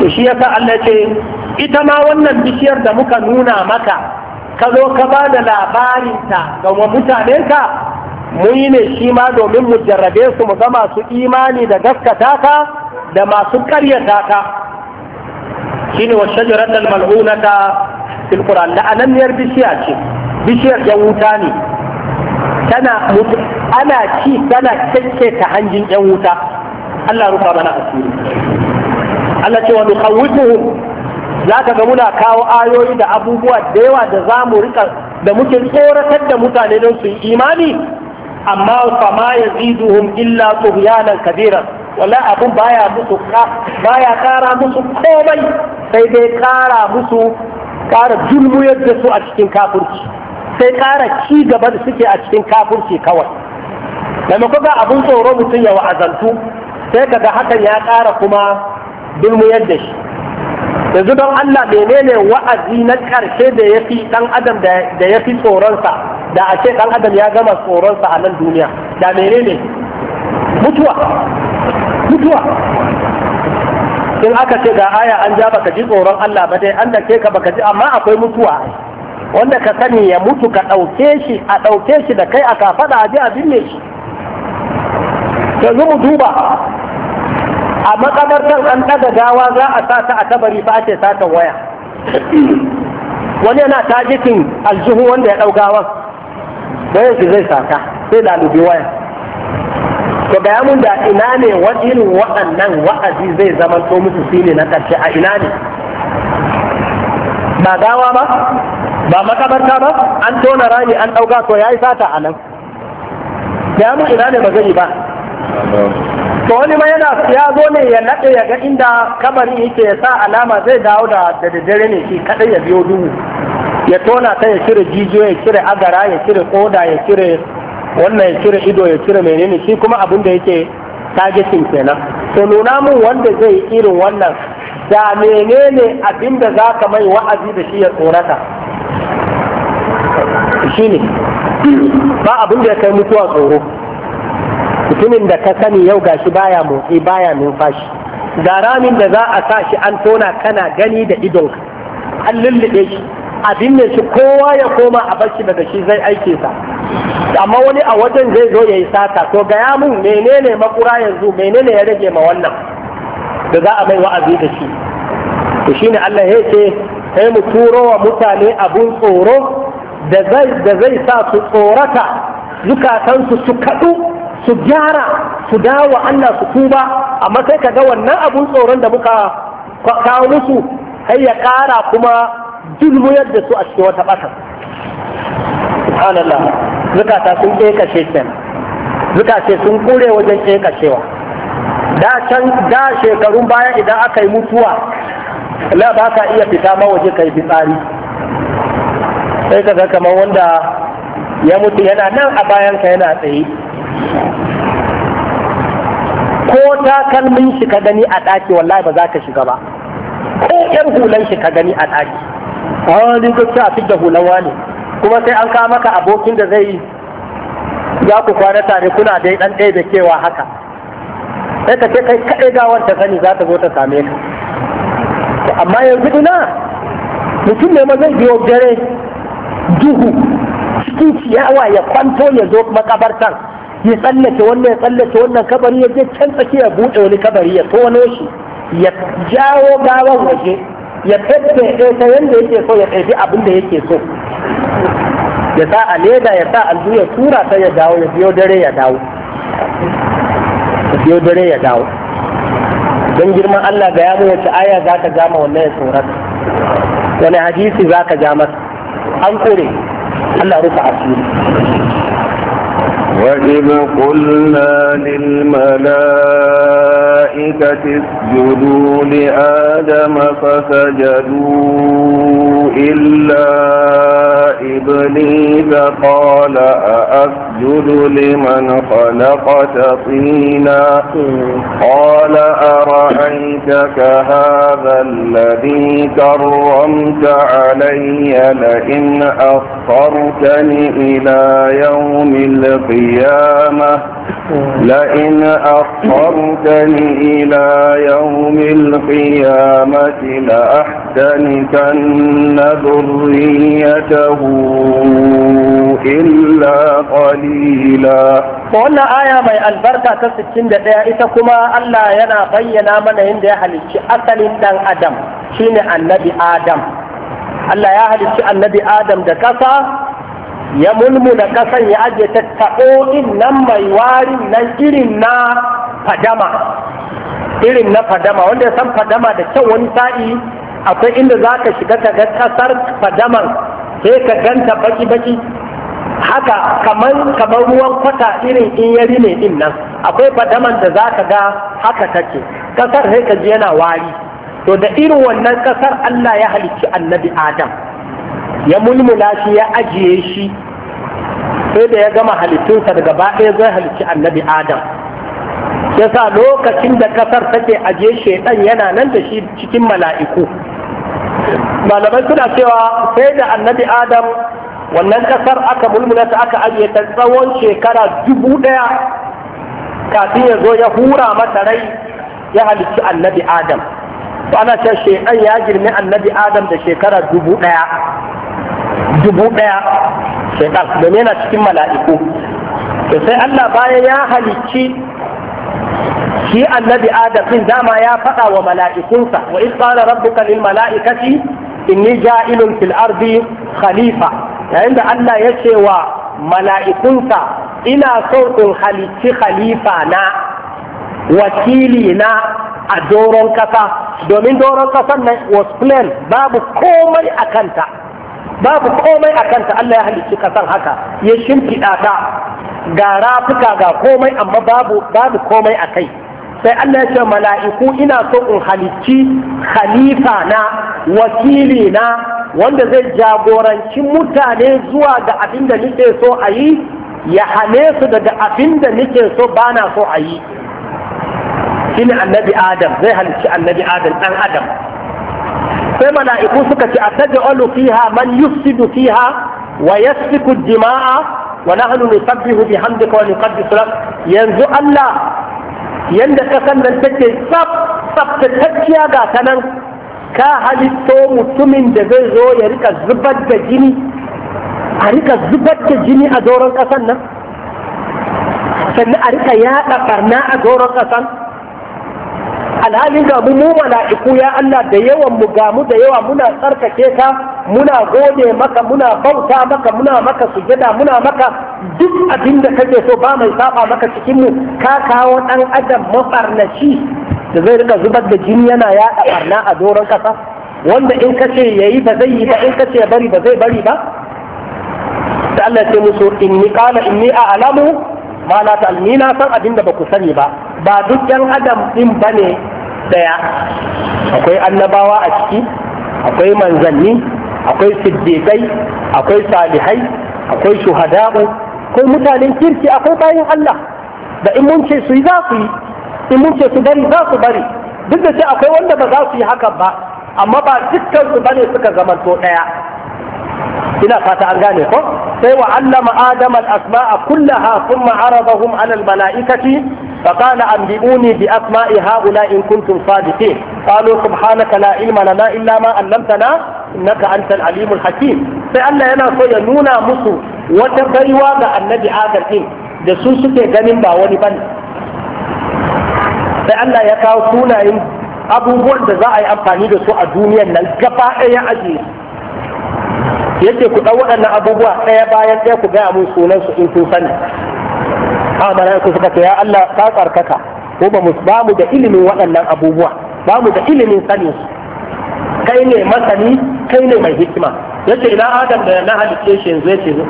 to shi yasa Allah ya ce ita ma wannan bishiyar da muka nuna maka ka zo ka ba da labarinta ga ka mu yi ne shi ma domin mu jarrabe su mu ga masu imani da gaskata ka da masu karyata ka shine wa shajaratul mal'unata fil qur'an la'ananniyar bishiya ce bishiyar yan wuta ne tana ana ci tana kyakketa hanjin yan wuta Allah rufa mana asiri Allah ce wa nukhawwifuhum za ka ga muna kawo ayoyi da abubuwa da yawa da za mu rika da muke tsoratar da mutane don su yi imani amma fama ya ziduhum illa tuhyanan kabiran wala abun baya musu baya kara musu komai sai dai kara musu kara julmuyar da su a cikin kafurci sai kara ci gaba da suke a cikin kafurci kawai maimakon ga abun tsoro mutum ya wa'azantu sai kaga hakan ya kara kuma dulmuyar da shi yanzu don Allah menene wa'azi na ƙarshe da ya fi ɗan adam da ya fi tsoronsa da a ce ɗan adam ya gama tsoronsa a nan duniya da menene mutuwa mutuwa in aka ce ga aya an ja baka ji tsoron Allah ba dai an da ke ka baka ji amma akwai mutuwa wanda ka sani ya mutu ka ɗauke shi a ɗauke shi da kai a kafaɗa a ji a binne shi yanzu duba a makabartar an ɗaga gawa za a sa ta a tabari fa ake ta waya wani yana tajikin aljihu wanda ya ɗau gawan bayan yanzu zai sata sai lalubi waya to gaya mun da ina ne irin waɗannan wa'azi zai zama to musu ne na ƙarshe a ina ne ba gawa ba ba makabarta ba an tona rami an ɗauka to ya yi sata a nan gaya mun ina ne ba zai yi ba to wani ma yana ya zo ne ya naɗe ya ga inda kabari yake ya sa alama zai dawo da daddare ne shi kaɗai ya biyo duhu ya tona ta ya cire jijiyo ya cire agara ya cire koda ya cire wannan ya cire ido ya cire menene shi kuma abin da yake targeting kenan to nuna mun wanda zai yi irin wannan da menene abin da za ka mai wa'azi da shi ya tsorata shi ne ba abin da ya kai mutuwa tsoro mutumin da ka sani yau gashi baya motsi baya numfashi da ramin da za a sa shi an tona kana gani da idonka an lullube shi abin ne shi kowa ya koma a bashi daga shi zai aike sa amma wani a wajen zai zo ya yi sata to gaya mun menene makura yanzu menene ya rage ma wannan da za a mai wa'azi da shi to shine Allah ya ce sai mu turo wa mutane abun tsoro da zai sa su tsorata zukatansu su kaɗu su gyara su dawo Allah su tuba amma sai ka ga wannan abun tsoron da muka kawo musu sai ya kara kuma dulmuyar da su a cikin wata ɓatan subhanallah zukata sun ƙekashe kenan zukace sun kure wajen ƙekashewa da can da shekarun baya idan aka yi mutuwa la ba ka iya fita ma waje kai fitsari sai ka ga kamar wanda ya mutu yana nan a bayan ka yana tsaye ko takalmin shi ka gani a ɗaki wallahi ba za ka shiga ba ko yar hulan shi ka gani a ɗaki a wani gaskiya a fidda hulan wani kuma sai an kawo maka abokin da zai za ku kwana tare kuna dai ɗan ɗaya da kewa haka sai ka ce kai kaɗai gawar ta sani za ta zo ta same ka amma yanzu ina mutum ne ma zai biyo dare duhu cikin ciyawa ya kwanto ya zo makabartan ya tsallake wannan ya tsallake wannan kabari ya je can tsakiya ya buɗe wani kabari ya tono shi ya jawo gawan waje ya tattaɗe ta yadda yake so ya ɗaiɗi abin da yake so ya sa a leda ya sa alzu ya tura ta ya dawo ya biyo dare ya dawo ya biyo dare ya dawo don girman Allah ga yamu wace aya za ka gama wannan ya tsorata wani hadisi za ka ja masa an kure Allah rufa asiri وإذ قلنا للملائكة اسجدوا لآدم فسجدوا إلا إبليس قال أأسجد لمن خلقت طينا قال أرأيتك هذا الذي كرمت علي لئن أخرتني إلى يوم القيامة القيامة لئن أخرتني إلى يوم القيامة لأحتنكن ذريته إلا قليلا wannan aya mai albarka ta 61 ita kuma Allah yana bayyana mana yadda ya halicci asalin dan adam shine annabi adam Allah ya halicci annabi adam da kasa ya mulmula kasan ya ajiye ta nan mai warin nan irin na fadama irin na fadama wanda ya san fadama da kyau wani sa'i akwai inda za ka shiga ka ga kasar fadaman sai ka ganta baki-baki haka kamar kamar ruwan kwata irin in yari ne din nan akwai fadaman da za ka ga haka take kasar sai ka ji yana wari to da irin wannan kasar Allah ya halicci annabi Adam ya mulmula shi ya ajiye shi sai da ya gama halittunsa daga ɗaya zai halicci annabi adam yasa lokacin da kasar take ajiye shaidan yana nan da shi cikin mala'iku malamai suna cewa sai da annabi adam wannan kasar aka mulmula ta aka ajiye ta tsawon shekara dubu ɗaya kafin ya zo ya hura mata rai ya halicci annabi adam ana cewa shaidan ya girme annabi adam da shekara dubu ɗaya dubu ɗaya shaitan domin yana cikin mala'iku to sai Allah bayan ya halicci shi annabi adam dama ya faɗa wa mala'ikunsa wa iz qala rabbuka lil mala'ikati inni ja'ilun fil ardi khalifa yayin da Allah ya ce wa mala'ikunsa ina so in halicci khalifa na wakili na a doron kasa domin doron kasan nan was plain babu komai a kanta babu komai a kanta Allah ya halicci kasan haka ya shimfiɗa ta ga rafuka ga komai amma babu babu komai a kai sai Allah ya ce mala'iku ina so in halicci khalifa na wakili na wanda zai jagoranci mutane zuwa ga abin da nake so a yi ya hane su daga abin da nake so bana so a yi shine annabi adam zai halicci annabi adam dan adam sai mala'iku suka ce a taja olu fiha man yufsidu fiha wa yasfiku dima'a wa nahnu nusabbihu bihamdika wa nuqaddisu lak yanzu Allah yanda kasan nan take ta tsaftatacciya ga ta nan ka halitto mutumin da zai zo ya rika zubar da jini a rika zubar da jini a doron kasan nan sannan a rika yaɗa ɓarna a doron kasan alhalin ga mu mu mala'iku ya Allah da yawan mu ga mu da yawa muna tsarkake ka muna gode maka muna bauta maka muna maka sujada muna maka duk abin da kake so ba mai saba maka cikin mu ka kawo dan adam mafarnaci da zai rika zubar da jini yana yaɗa barna a doron kasa wanda in kace yayi ba zai yi ba in kace bari ba zai bari ba da Allah ya ce musu inni qala inni a'lamu ma la ta'lamina san abinda ba ku sani ba ba duk ɗan adam ɗin ba ne ɗaya akwai annabawa a ciki akwai manzanni akwai siddiƙai akwai salihai akwai shuhada'u akwai mutanen kirki akwai bayan Allah da in mun ce su yi za su yi in mun ce su bari za su bari duk da ce akwai wanda ba za su yi hakan ba amma ba dukkan su bane suka to ɗaya ina fata an gane ko sai wa allama adama al asma'a kullaha thumma aradahum ala al mala'ikati فقال أنبئوني بأسماء هؤلاء إن كنتم صادقين قالوا سبحانك لا علم لنا إلا na, علمتنا إنك أنت العليم الحكيم فأنا yana so ya nuna musu wata baiwa ga annabi Adam din da su suke ganin ba wani bane sai Allah ya kawo sunayen abubuwan da za a yi amfani da su a duniyar nan gaba ɗaya aje yake ku waɗannan abubuwa ɗaya bayan ɗaya ku gaya mun sunan su in kun sani haka mala'iku suka ce ya Allah ka tsarkaka ko ba mu ba mu da ilimin waɗannan abubuwa ba mu da ilimin sanin su kai ne masani kai ne mai hikima yace ina adam da na halice shi yanzu yace zo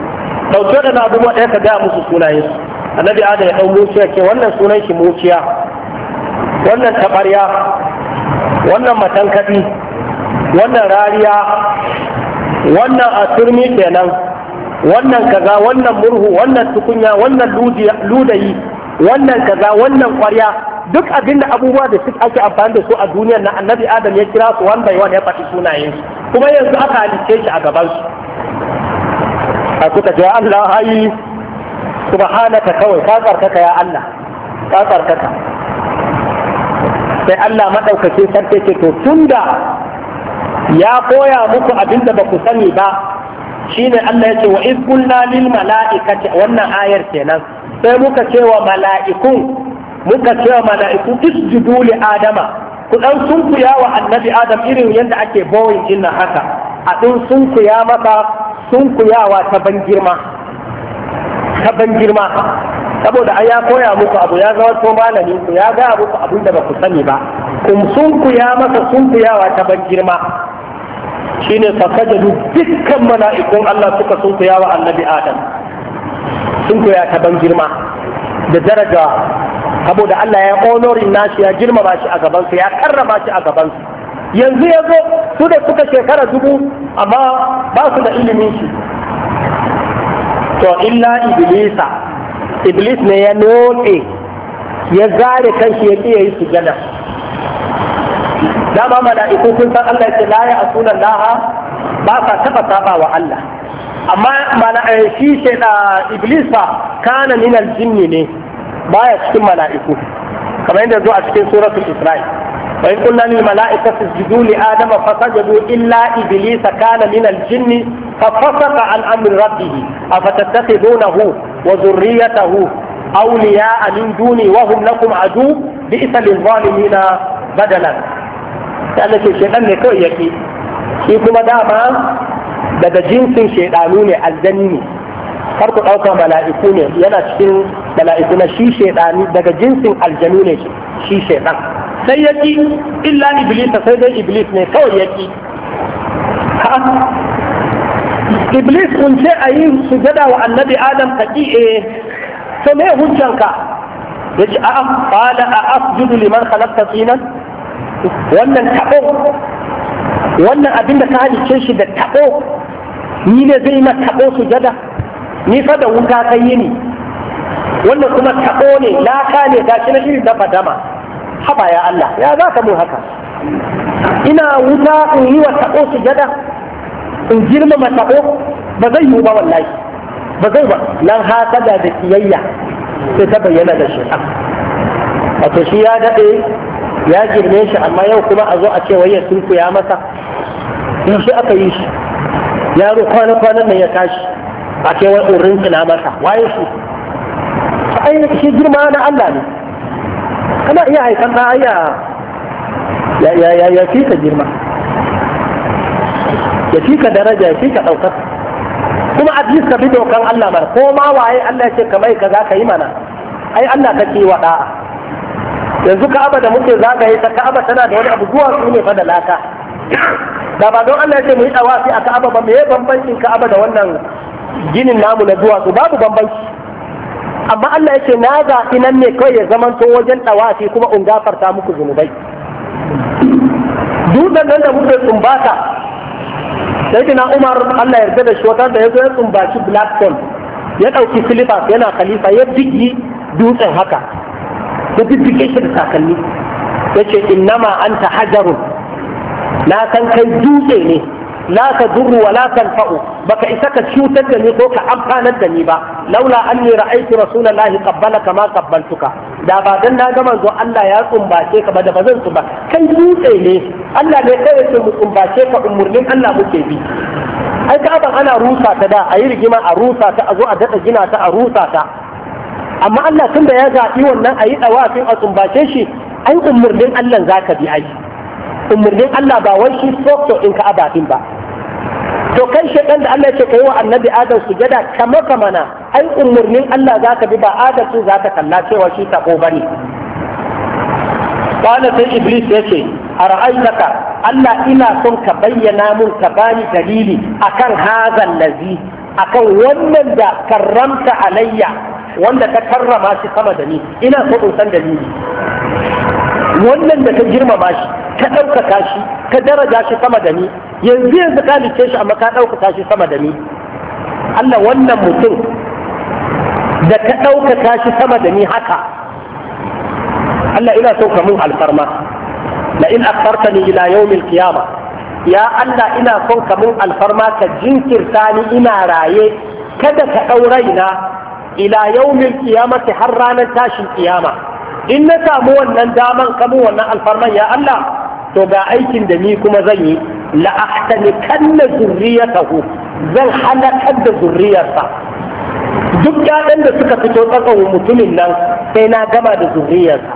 dauke waɗannan abubuwa da ka gaya musu sunayen su annabi adam ya dau muciya ce wannan sunan shi muciya wannan taɓarya wannan matankadi wannan rariya wannan asirmi turmi kenan wannan kaza wannan murhu wannan tukunya wannan ludayi wannan kaza wannan kwarya duk abinda abubuwa da suka ake amfani da su a duniyar na annabi adam ya kira su one by one ya faɗi sunayen su kuma yanzu aka halice shi a gaban su a suka ce Allah hayi subhanaka kawai ka tsarkaka ya Allah ka tsarkaka sai Allah madaukake sarki ce to tunda ya koya muku abinda ba ku sani ba shine Allah yace wa iz qulna lil mala'ikati wannan ayar kenan sai muka ce wa mala'ikun muka cewa mala'iku isjudu li adama ku dan sunkuya wa annabi adam irin yadda ake bawin inna haka a din sunkuya maka sunkuyawa ta ban girma ta ban girma saboda ai ya koya muku abu ya zama to malamin ku ya ga muku abin da ba ku sani ba kun sunkuya maka sunkuyawa ta ban girma shine fasajadu dukkan mala'ikun Allah suka sunkuya wa annabi Adam sunkuya ta ban girma da daraja saboda Allah ya honorin nashi ya ba shi a gabansu ya karrama shi a gabansu yanzu ya zo su da suka shekara dubu amma ba su da ilimin shi to illa iblisa iblis ne ya notse ya zare kanshi ya ƙi ya yi dama mala'iku kun san Allah yake la ya'suna Allah ba sa taba saba wa Allah amma mala'iku shi da iblis fa kana min al-jinni ne baya cikin mala'iku kamar yadda zo a cikin suratul isra'i wa in qulna lil mala'ikati isjudu li adama fasajadu illa iblis kana min al-jinni ففسق عن امر ربه افتتخذونه وذريته اولياء من دوني وهم لكم عدو بئس للظالمين بدلا sai Allah ce shedan ne kawai yake shi kuma dama daga jinsin shedanu ne aljanni ne har ku ɗauka mala'iku ne yana cikin mala'iku na shi shedani daga jinsin aljanu ne shi shedan sai yaki illa iblis sai dai iblis ne kawai yaki iblis kun ce a yi sujada wa annabi adam ki? e to me hujjanka ya ce a'a qala a'a liman khalaqta tinan wannan taɓo wannan abinda ka halice shi da taɓo ni ne zai ma taɓo su jada ni fa da wuta ka yi ni wannan kuma taɓo ne laka ne da shi na iri dafa dama haba ya Allah ya za ka mun haka ina wuta in yi wa taɓo su jada in girmama taɓo ba zai yiwu ba wallahi ba zai ba nan hasada da kiyayya sai ta bayyana da shi wato shi ya daɗe ya girme shi amma yau kuma a zo a ce wai ya ya masa yaushe aka yi shi yaro kwana-kwanan nan ya tashi a ce wai urin na masa waye shi a ainihin shi girma na Allah ne kana iya haifan na ya ya ya fi ka girma ya fi ka daraja ya fi ka ɗaukar kuma a ka bi dokan Allah mana ko ma waye Allah ya ce kamar ka za ka yi mana ai Allah kake wa da'a yanzu ka'aba da muke yi ta ka'aba tana da wani abu zuwa su ne fa da laka da ba don Allah ya ce mu yi dawafi a ka'aba ba me bambancin ka'aba da wannan ginin namu na zuwa su babu bambanci amma Allah ya ce na zafi nan ne kawai ya zamanto wajen dawafi kuma in gafarta muku zunubai dutsen nan da muke tsumbata sai na Umar Allah yarda da shi wata da ya zo ya tsumbaci Blackstone ya ɗauki Philippus yana khalifa ya jigi dutsen haka ya fiffike shi da takalmi ya ce innama anta hajarun na san kai dutse ne la ka duru wa la kan fa'u baka isa ka cutar da ni ko ka amfanar da ni ba laula anni ra'aytu lahi qabbala kama qabbaltuka da ba dan na ga manzo Allah ya tsumbace ka ba da bazan ba kai dutse ne Allah ne kai yake tsumbace ka umurnin Allah muke bi ai ka ana rusa ta da ayi rigima a rusa ta a zo a dada gina ta a rusa ta amma Allah tun da ya zaɓi wannan a yi ɗawafin a tsumbace shi ai umarnin Allah za ka bi ai umarnin Allah ba wai shi sokto in ka ababin ba to kai shaidan da Allah ya ce yi wa annabi Adam sujada kama ka mana ai umarnin Allah za ka bi ba adatu za ka kalla cewa shi sako bane kana sai Iblis ya ce a ra'aitaka Allah ina son ka bayyana mun ka bani dalili akan hazan lazi akan wannan da karramta alayya wanda ka karrama shi sama da ni ina so in san dalili wannan da ka girmama shi ka ɗaukaka shi ka daraja shi sama da ni yanzu yanzu ka lice shi amma ka ɗaukaka shi sama da ni Allah wannan mutum da ka ɗaukaka shi sama da ni haka Allah ina so ka mun alfarma la in akhartani ila yawmil qiyamah ya Allah ina son ka mun alfarma ka jinkirta ni ina raye kada ka ɗauraina ila yaumil qiyamati har ranar tashin kiyama in na samu wannan daman kamu wannan alfarman ya Allah to ga aikin da ni kuma zan yi la ahtanikanna zurriyatahu zan halakar da zurriyarsa duk ƴaƴan da suka fito tsakanin mutumin nan sai na gama da zurriyarsa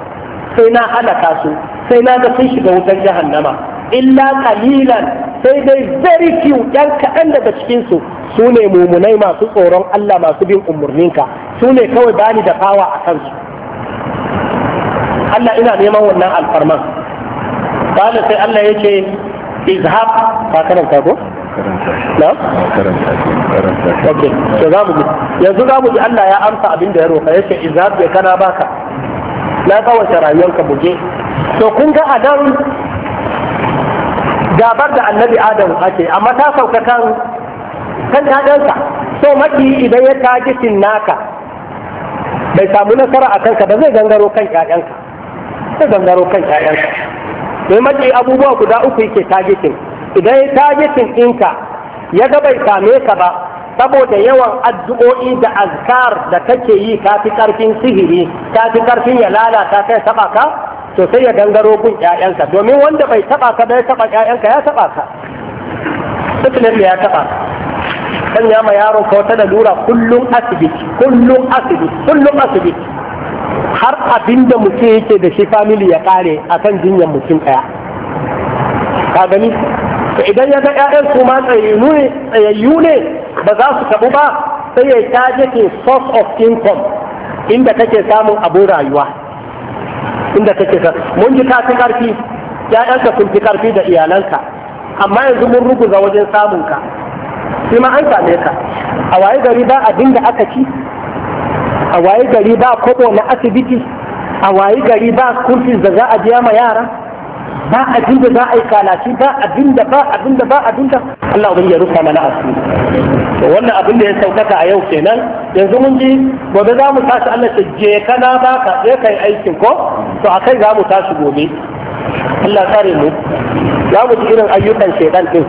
sai na halaka su sai na ga sun shiga wutar jahannama illa qalilan sai dai very few ɗan kaɗan daga cikinsu su ne mumunai masu tsoron Allah masu bin umarninka su ne kawai bani da fawa a kansu Allah ina neman wannan alfarman bani sai Allah ce izhab ba karanta ko na yanzu za mu ji Allah ya amsa abin da ya roƙa ce, izhab ya kana baka na kawace rayuwarka buge to kun ga a gabar da annabi adam ake amma ta sauka kan kan ɗansa so maki idan ya tagitin naka bai samu nasara a kanka ba zai gangaro kan ƴaƴanka zai gangaro kan ƴaƴanka Mai maki abubuwa guda uku yake tagitin idan ya tagitin ɗinka ya ga bai same ka ba saboda yawan addu'o'i da azkar da kake yi kafi karfin sihiri kafi karfin ya lalata kai saba ka to sai ya gangaro gun ƴaƴanka domin wanda bai taba ka bai taba ƴaƴanka ya taba ka ne ya taba ka kan ya ma yaron ka wata lura kullum asibiti kullum asibiti kullum asibiti har abinda mutum yake da shi family ya kare akan jinyar mutum ɗaya ka gani to idan ya ga ƴaƴan su ma tsayayyu ne ba za su tabu ba sai ya taje ke source of income inda kake samun abun rayuwa inda kake ka mun ji ka fi karfi ƴaƴanka sun fi karfi da iyalanka amma yanzu mun ruguza wajen samun ka sai ma an same ka a waye gari ba abin da aka ci a waye gari ba kobo na asibiti a waye gari ba kurfin da za a biya ma yara ba abin da za a yi kalaci ba abin da ba abin da ba abin da Allah ubangiji ya rufa mana asiri to wannan abin da ya saukaka a yau kenan yanzu mun ji gobe za mu tashi Allah ta je kana ka je kai aikin ko to akai za mu tashi gobe Allah tsare mu za mu ji irin ayyukan shedan din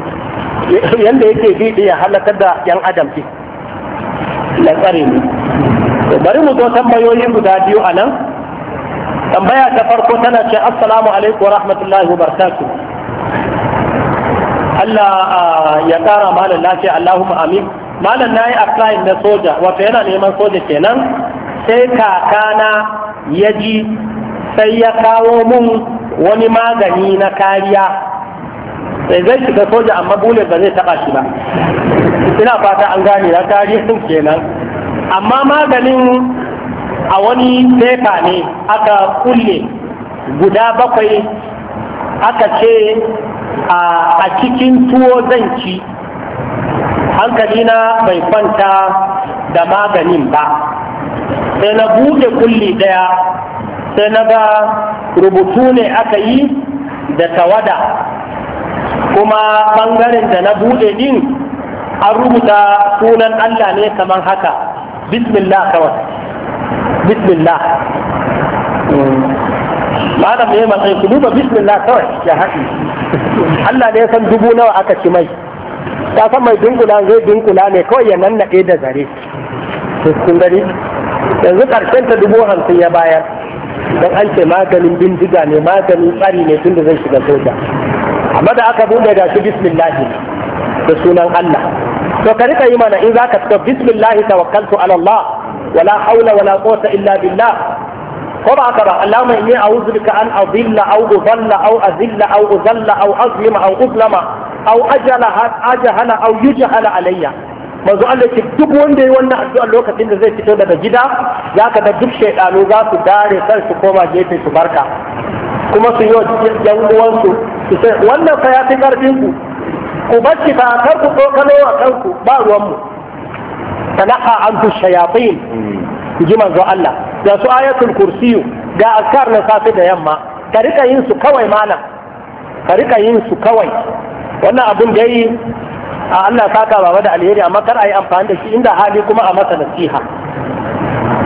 yanda yake bi ya halakar da yan adam din Allah tsare mu bari mu zo tambayoyin guda biyu a nan tambaya ta farko tana ce assalamu alaikum rahmatullahi wa barakatuh Allah ah, ya kara malam lafiya Allahumma amin malam nayi apply na soja wato yana neman soja kenan sai kakana ya ji sai ya kawo mun wani magani na kariya sai zai shiga soja amma bule ba zai taba shi ba ina fata an gane na kariya sun <laughs> kenan amma maganin a wani fefa ne aka kulle guda bakwai aka ce a cikin tuwo zan ci hankali na bai kwanta da maganin ba sai na bude kulle daya sai na ga rubutu ne aka yi da tawada kuma bangaren da na bude din an rubuta sunan allah ne kamar haka bismillah kawai bismillah malam ne matsayin ku duba bismillah kawai ya haɗi Allah ne ya san dubu nawa aka ci mai ta san mai dunkula zai dunkula ne kawai ya nannaɗe da zare kun gani yanzu ƙarshen ta dubu hamsin ya bayar don an ce maganin bindiga ne maganin tsari ne tun da zai shiga soja amma da aka bude da shi bismillah da sunan Allah to ka rika yi mana in zaka fito bismillah tawakkaltu ala Allah wala haula wala quwwata illa billah ko ba haka ba allahumma inni a'udhu bika an adilla aw udalla aw azilla aw uzalla aw azlima aw uzlama aw ajala ajhala aw yujhala alayya manzo Allah ce duk wanda ya wannan addu'a lokacin da zai fito daga gida ya ka da duk shaidanu za su dare kar su koma gefe su barka kuma su yi yan uwansu su sai wannan fa ya fi karfin ku ku bacci fa kar ku tsokalo a kanku ba ruwan mu tanaha an shayatin ji manzo Allah da su ayatul kursiyu ga askar na safe da yamma ka rika yin su kawai malam ka rika yin su kawai wannan abin da yi a Allah saka baba da alheri amma kar a yi amfani da shi inda hali kuma a masa nasiha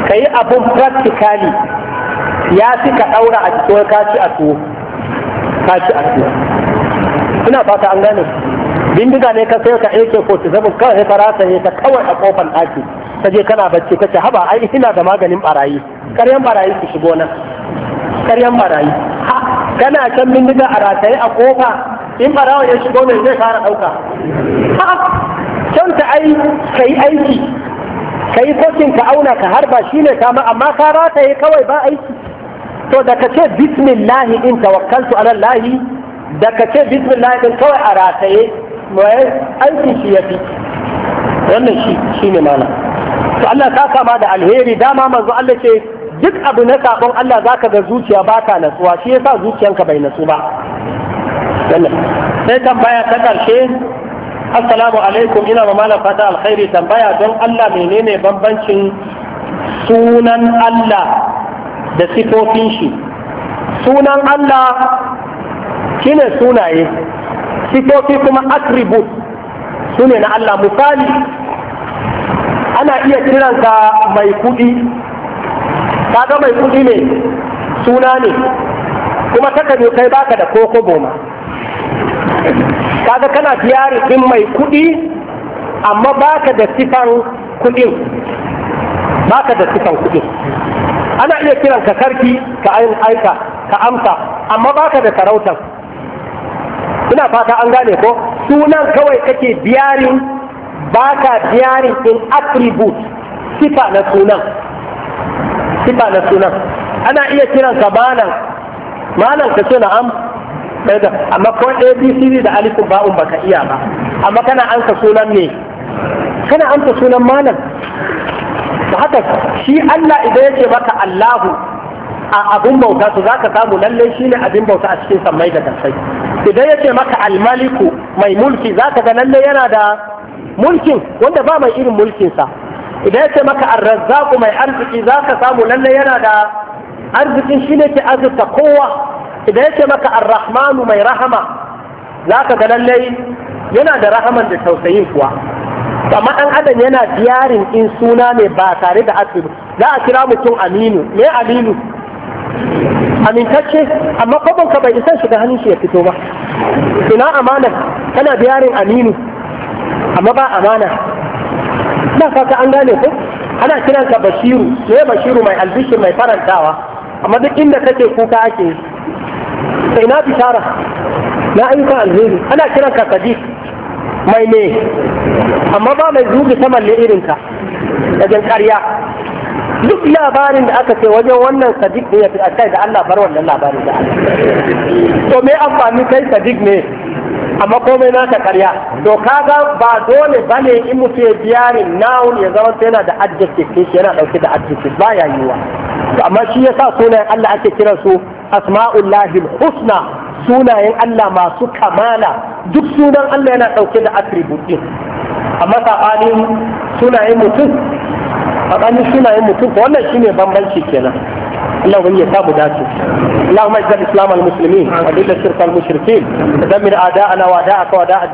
ka yi abin practically ya fi ka ɗaura a cikin kaci a tuwo kaci a tuwo ina fata an gane bindiga ne ka sai ka AK47 kawai ka rasa ne ta kawai a kofar ɗaki ka je kana bacci ka ce haba ai ina da maganin barayi karyan barayi su shigo nan karyan barayi kana can bindiga a rataye a kofa in barawa ya shigo ne zai fara ɗauka Ha can ta ai ka yi aiki ka yi kokin ka auna ka harba shine kama amma ka rataye kawai ba aiki to da ka ce bismillahi in tawakkaltu ala lahi da ka ce bismillahi din kawai a rataye mai aikin shi ya fi wannan shi shi ne mana to Allah ta kama da alheri dama manzo Allah ce duk abu na sabon Allah zaka ga zuciya ba ta natsuwa shi yasa zuciyanka bai natsu ba wannan sai tambaya ta karshe assalamu alaikum ina ma malam fata alkhairi tambaya don Allah menene bambancin sunan Allah da sifofin shi sunan Allah shine sunaye sifofi kuma attribute su ne na Allah misali ana iya kiranka mai kuɗi kaga mai kuɗi ne suna ne kuma ta kai kai baka da koko goma kaga kana tiyari din mai kuɗi amma baka da sifan kuɗin baka da sifan kuɗin ana iya kiranka sarki ka aika ka amsa amma baka da sarautar ina fata an gane ko sunan kawai kake biyarin ba ka biyarin in attribute sifa na sunan sifa na sunan ana iya kiran ka malam malam ka ce na'am amma ko abcd da alifin ba'un baka iya ba amma kana ka sunan ne kana ka sunan malam da haka shi Allah idan yake maka Allahu a abin bauta to zaka samu lalle shine abin bauta a cikin sammai da kansai idan yace maka almaliku mai mulki za ka ga lallai yana da mulkin wanda ba mai irin mulkinsa idan yace maka arrazzaku mai arziki za zaka samu lallai yana da arzikin shi ne ke azurta kowa idan yace maka arrahmanu mai rahama za ka ga lallai yana da rahaman da tausayin kuwa amma ɗan adam yana diyarin in suna ne ba tare da asibi za a kira mutum aminu me aminu amintacce amma kwabon ka bai isa shiga hannun shi ya fito ba ina amana kana biyarin aminu amma ba amana Ina fata an gane ko ana kiran ka bashiru ne bashiru mai albishir mai farantawa amma duk inda kake kuka ake sai na bishara na ayyuka alheri ana kiran ka sadiq mai ne amma ba mai zubi ta malle irinka da jan karya duk labarin da aka ce wajen wannan sadiq ne ya fi akai da Allah bar wannan labarin da Allah to me amfani kai sadiq ne amma komai naka karya to kaga ba dole bane in mutum ya biyarin noun ya zama sai yana da adjective ne yana dauke da adjective baya yiwa to amma shi yasa sunayen Allah ake kiran su asma'ullahi husna sunayen Allah masu kamala duk sunan Allah yana dauke da attribute amma sabanin sunayen mutum faɗanin sunayen mutum ko wannan shine bambanci kenan Allah ubangi ya sa mu dace Allahu ma jalla islam al muslimin wa dilla shirka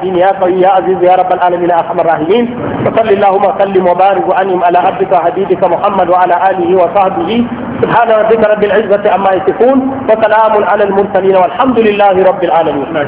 ya qawi ya aziz ya rabbal alamin ya arhamar rahimin habibika muhammad wa alihi wa sahbihi سبحان ربك رب العزة عما يصفون وسلام على المرسلين والحمد لله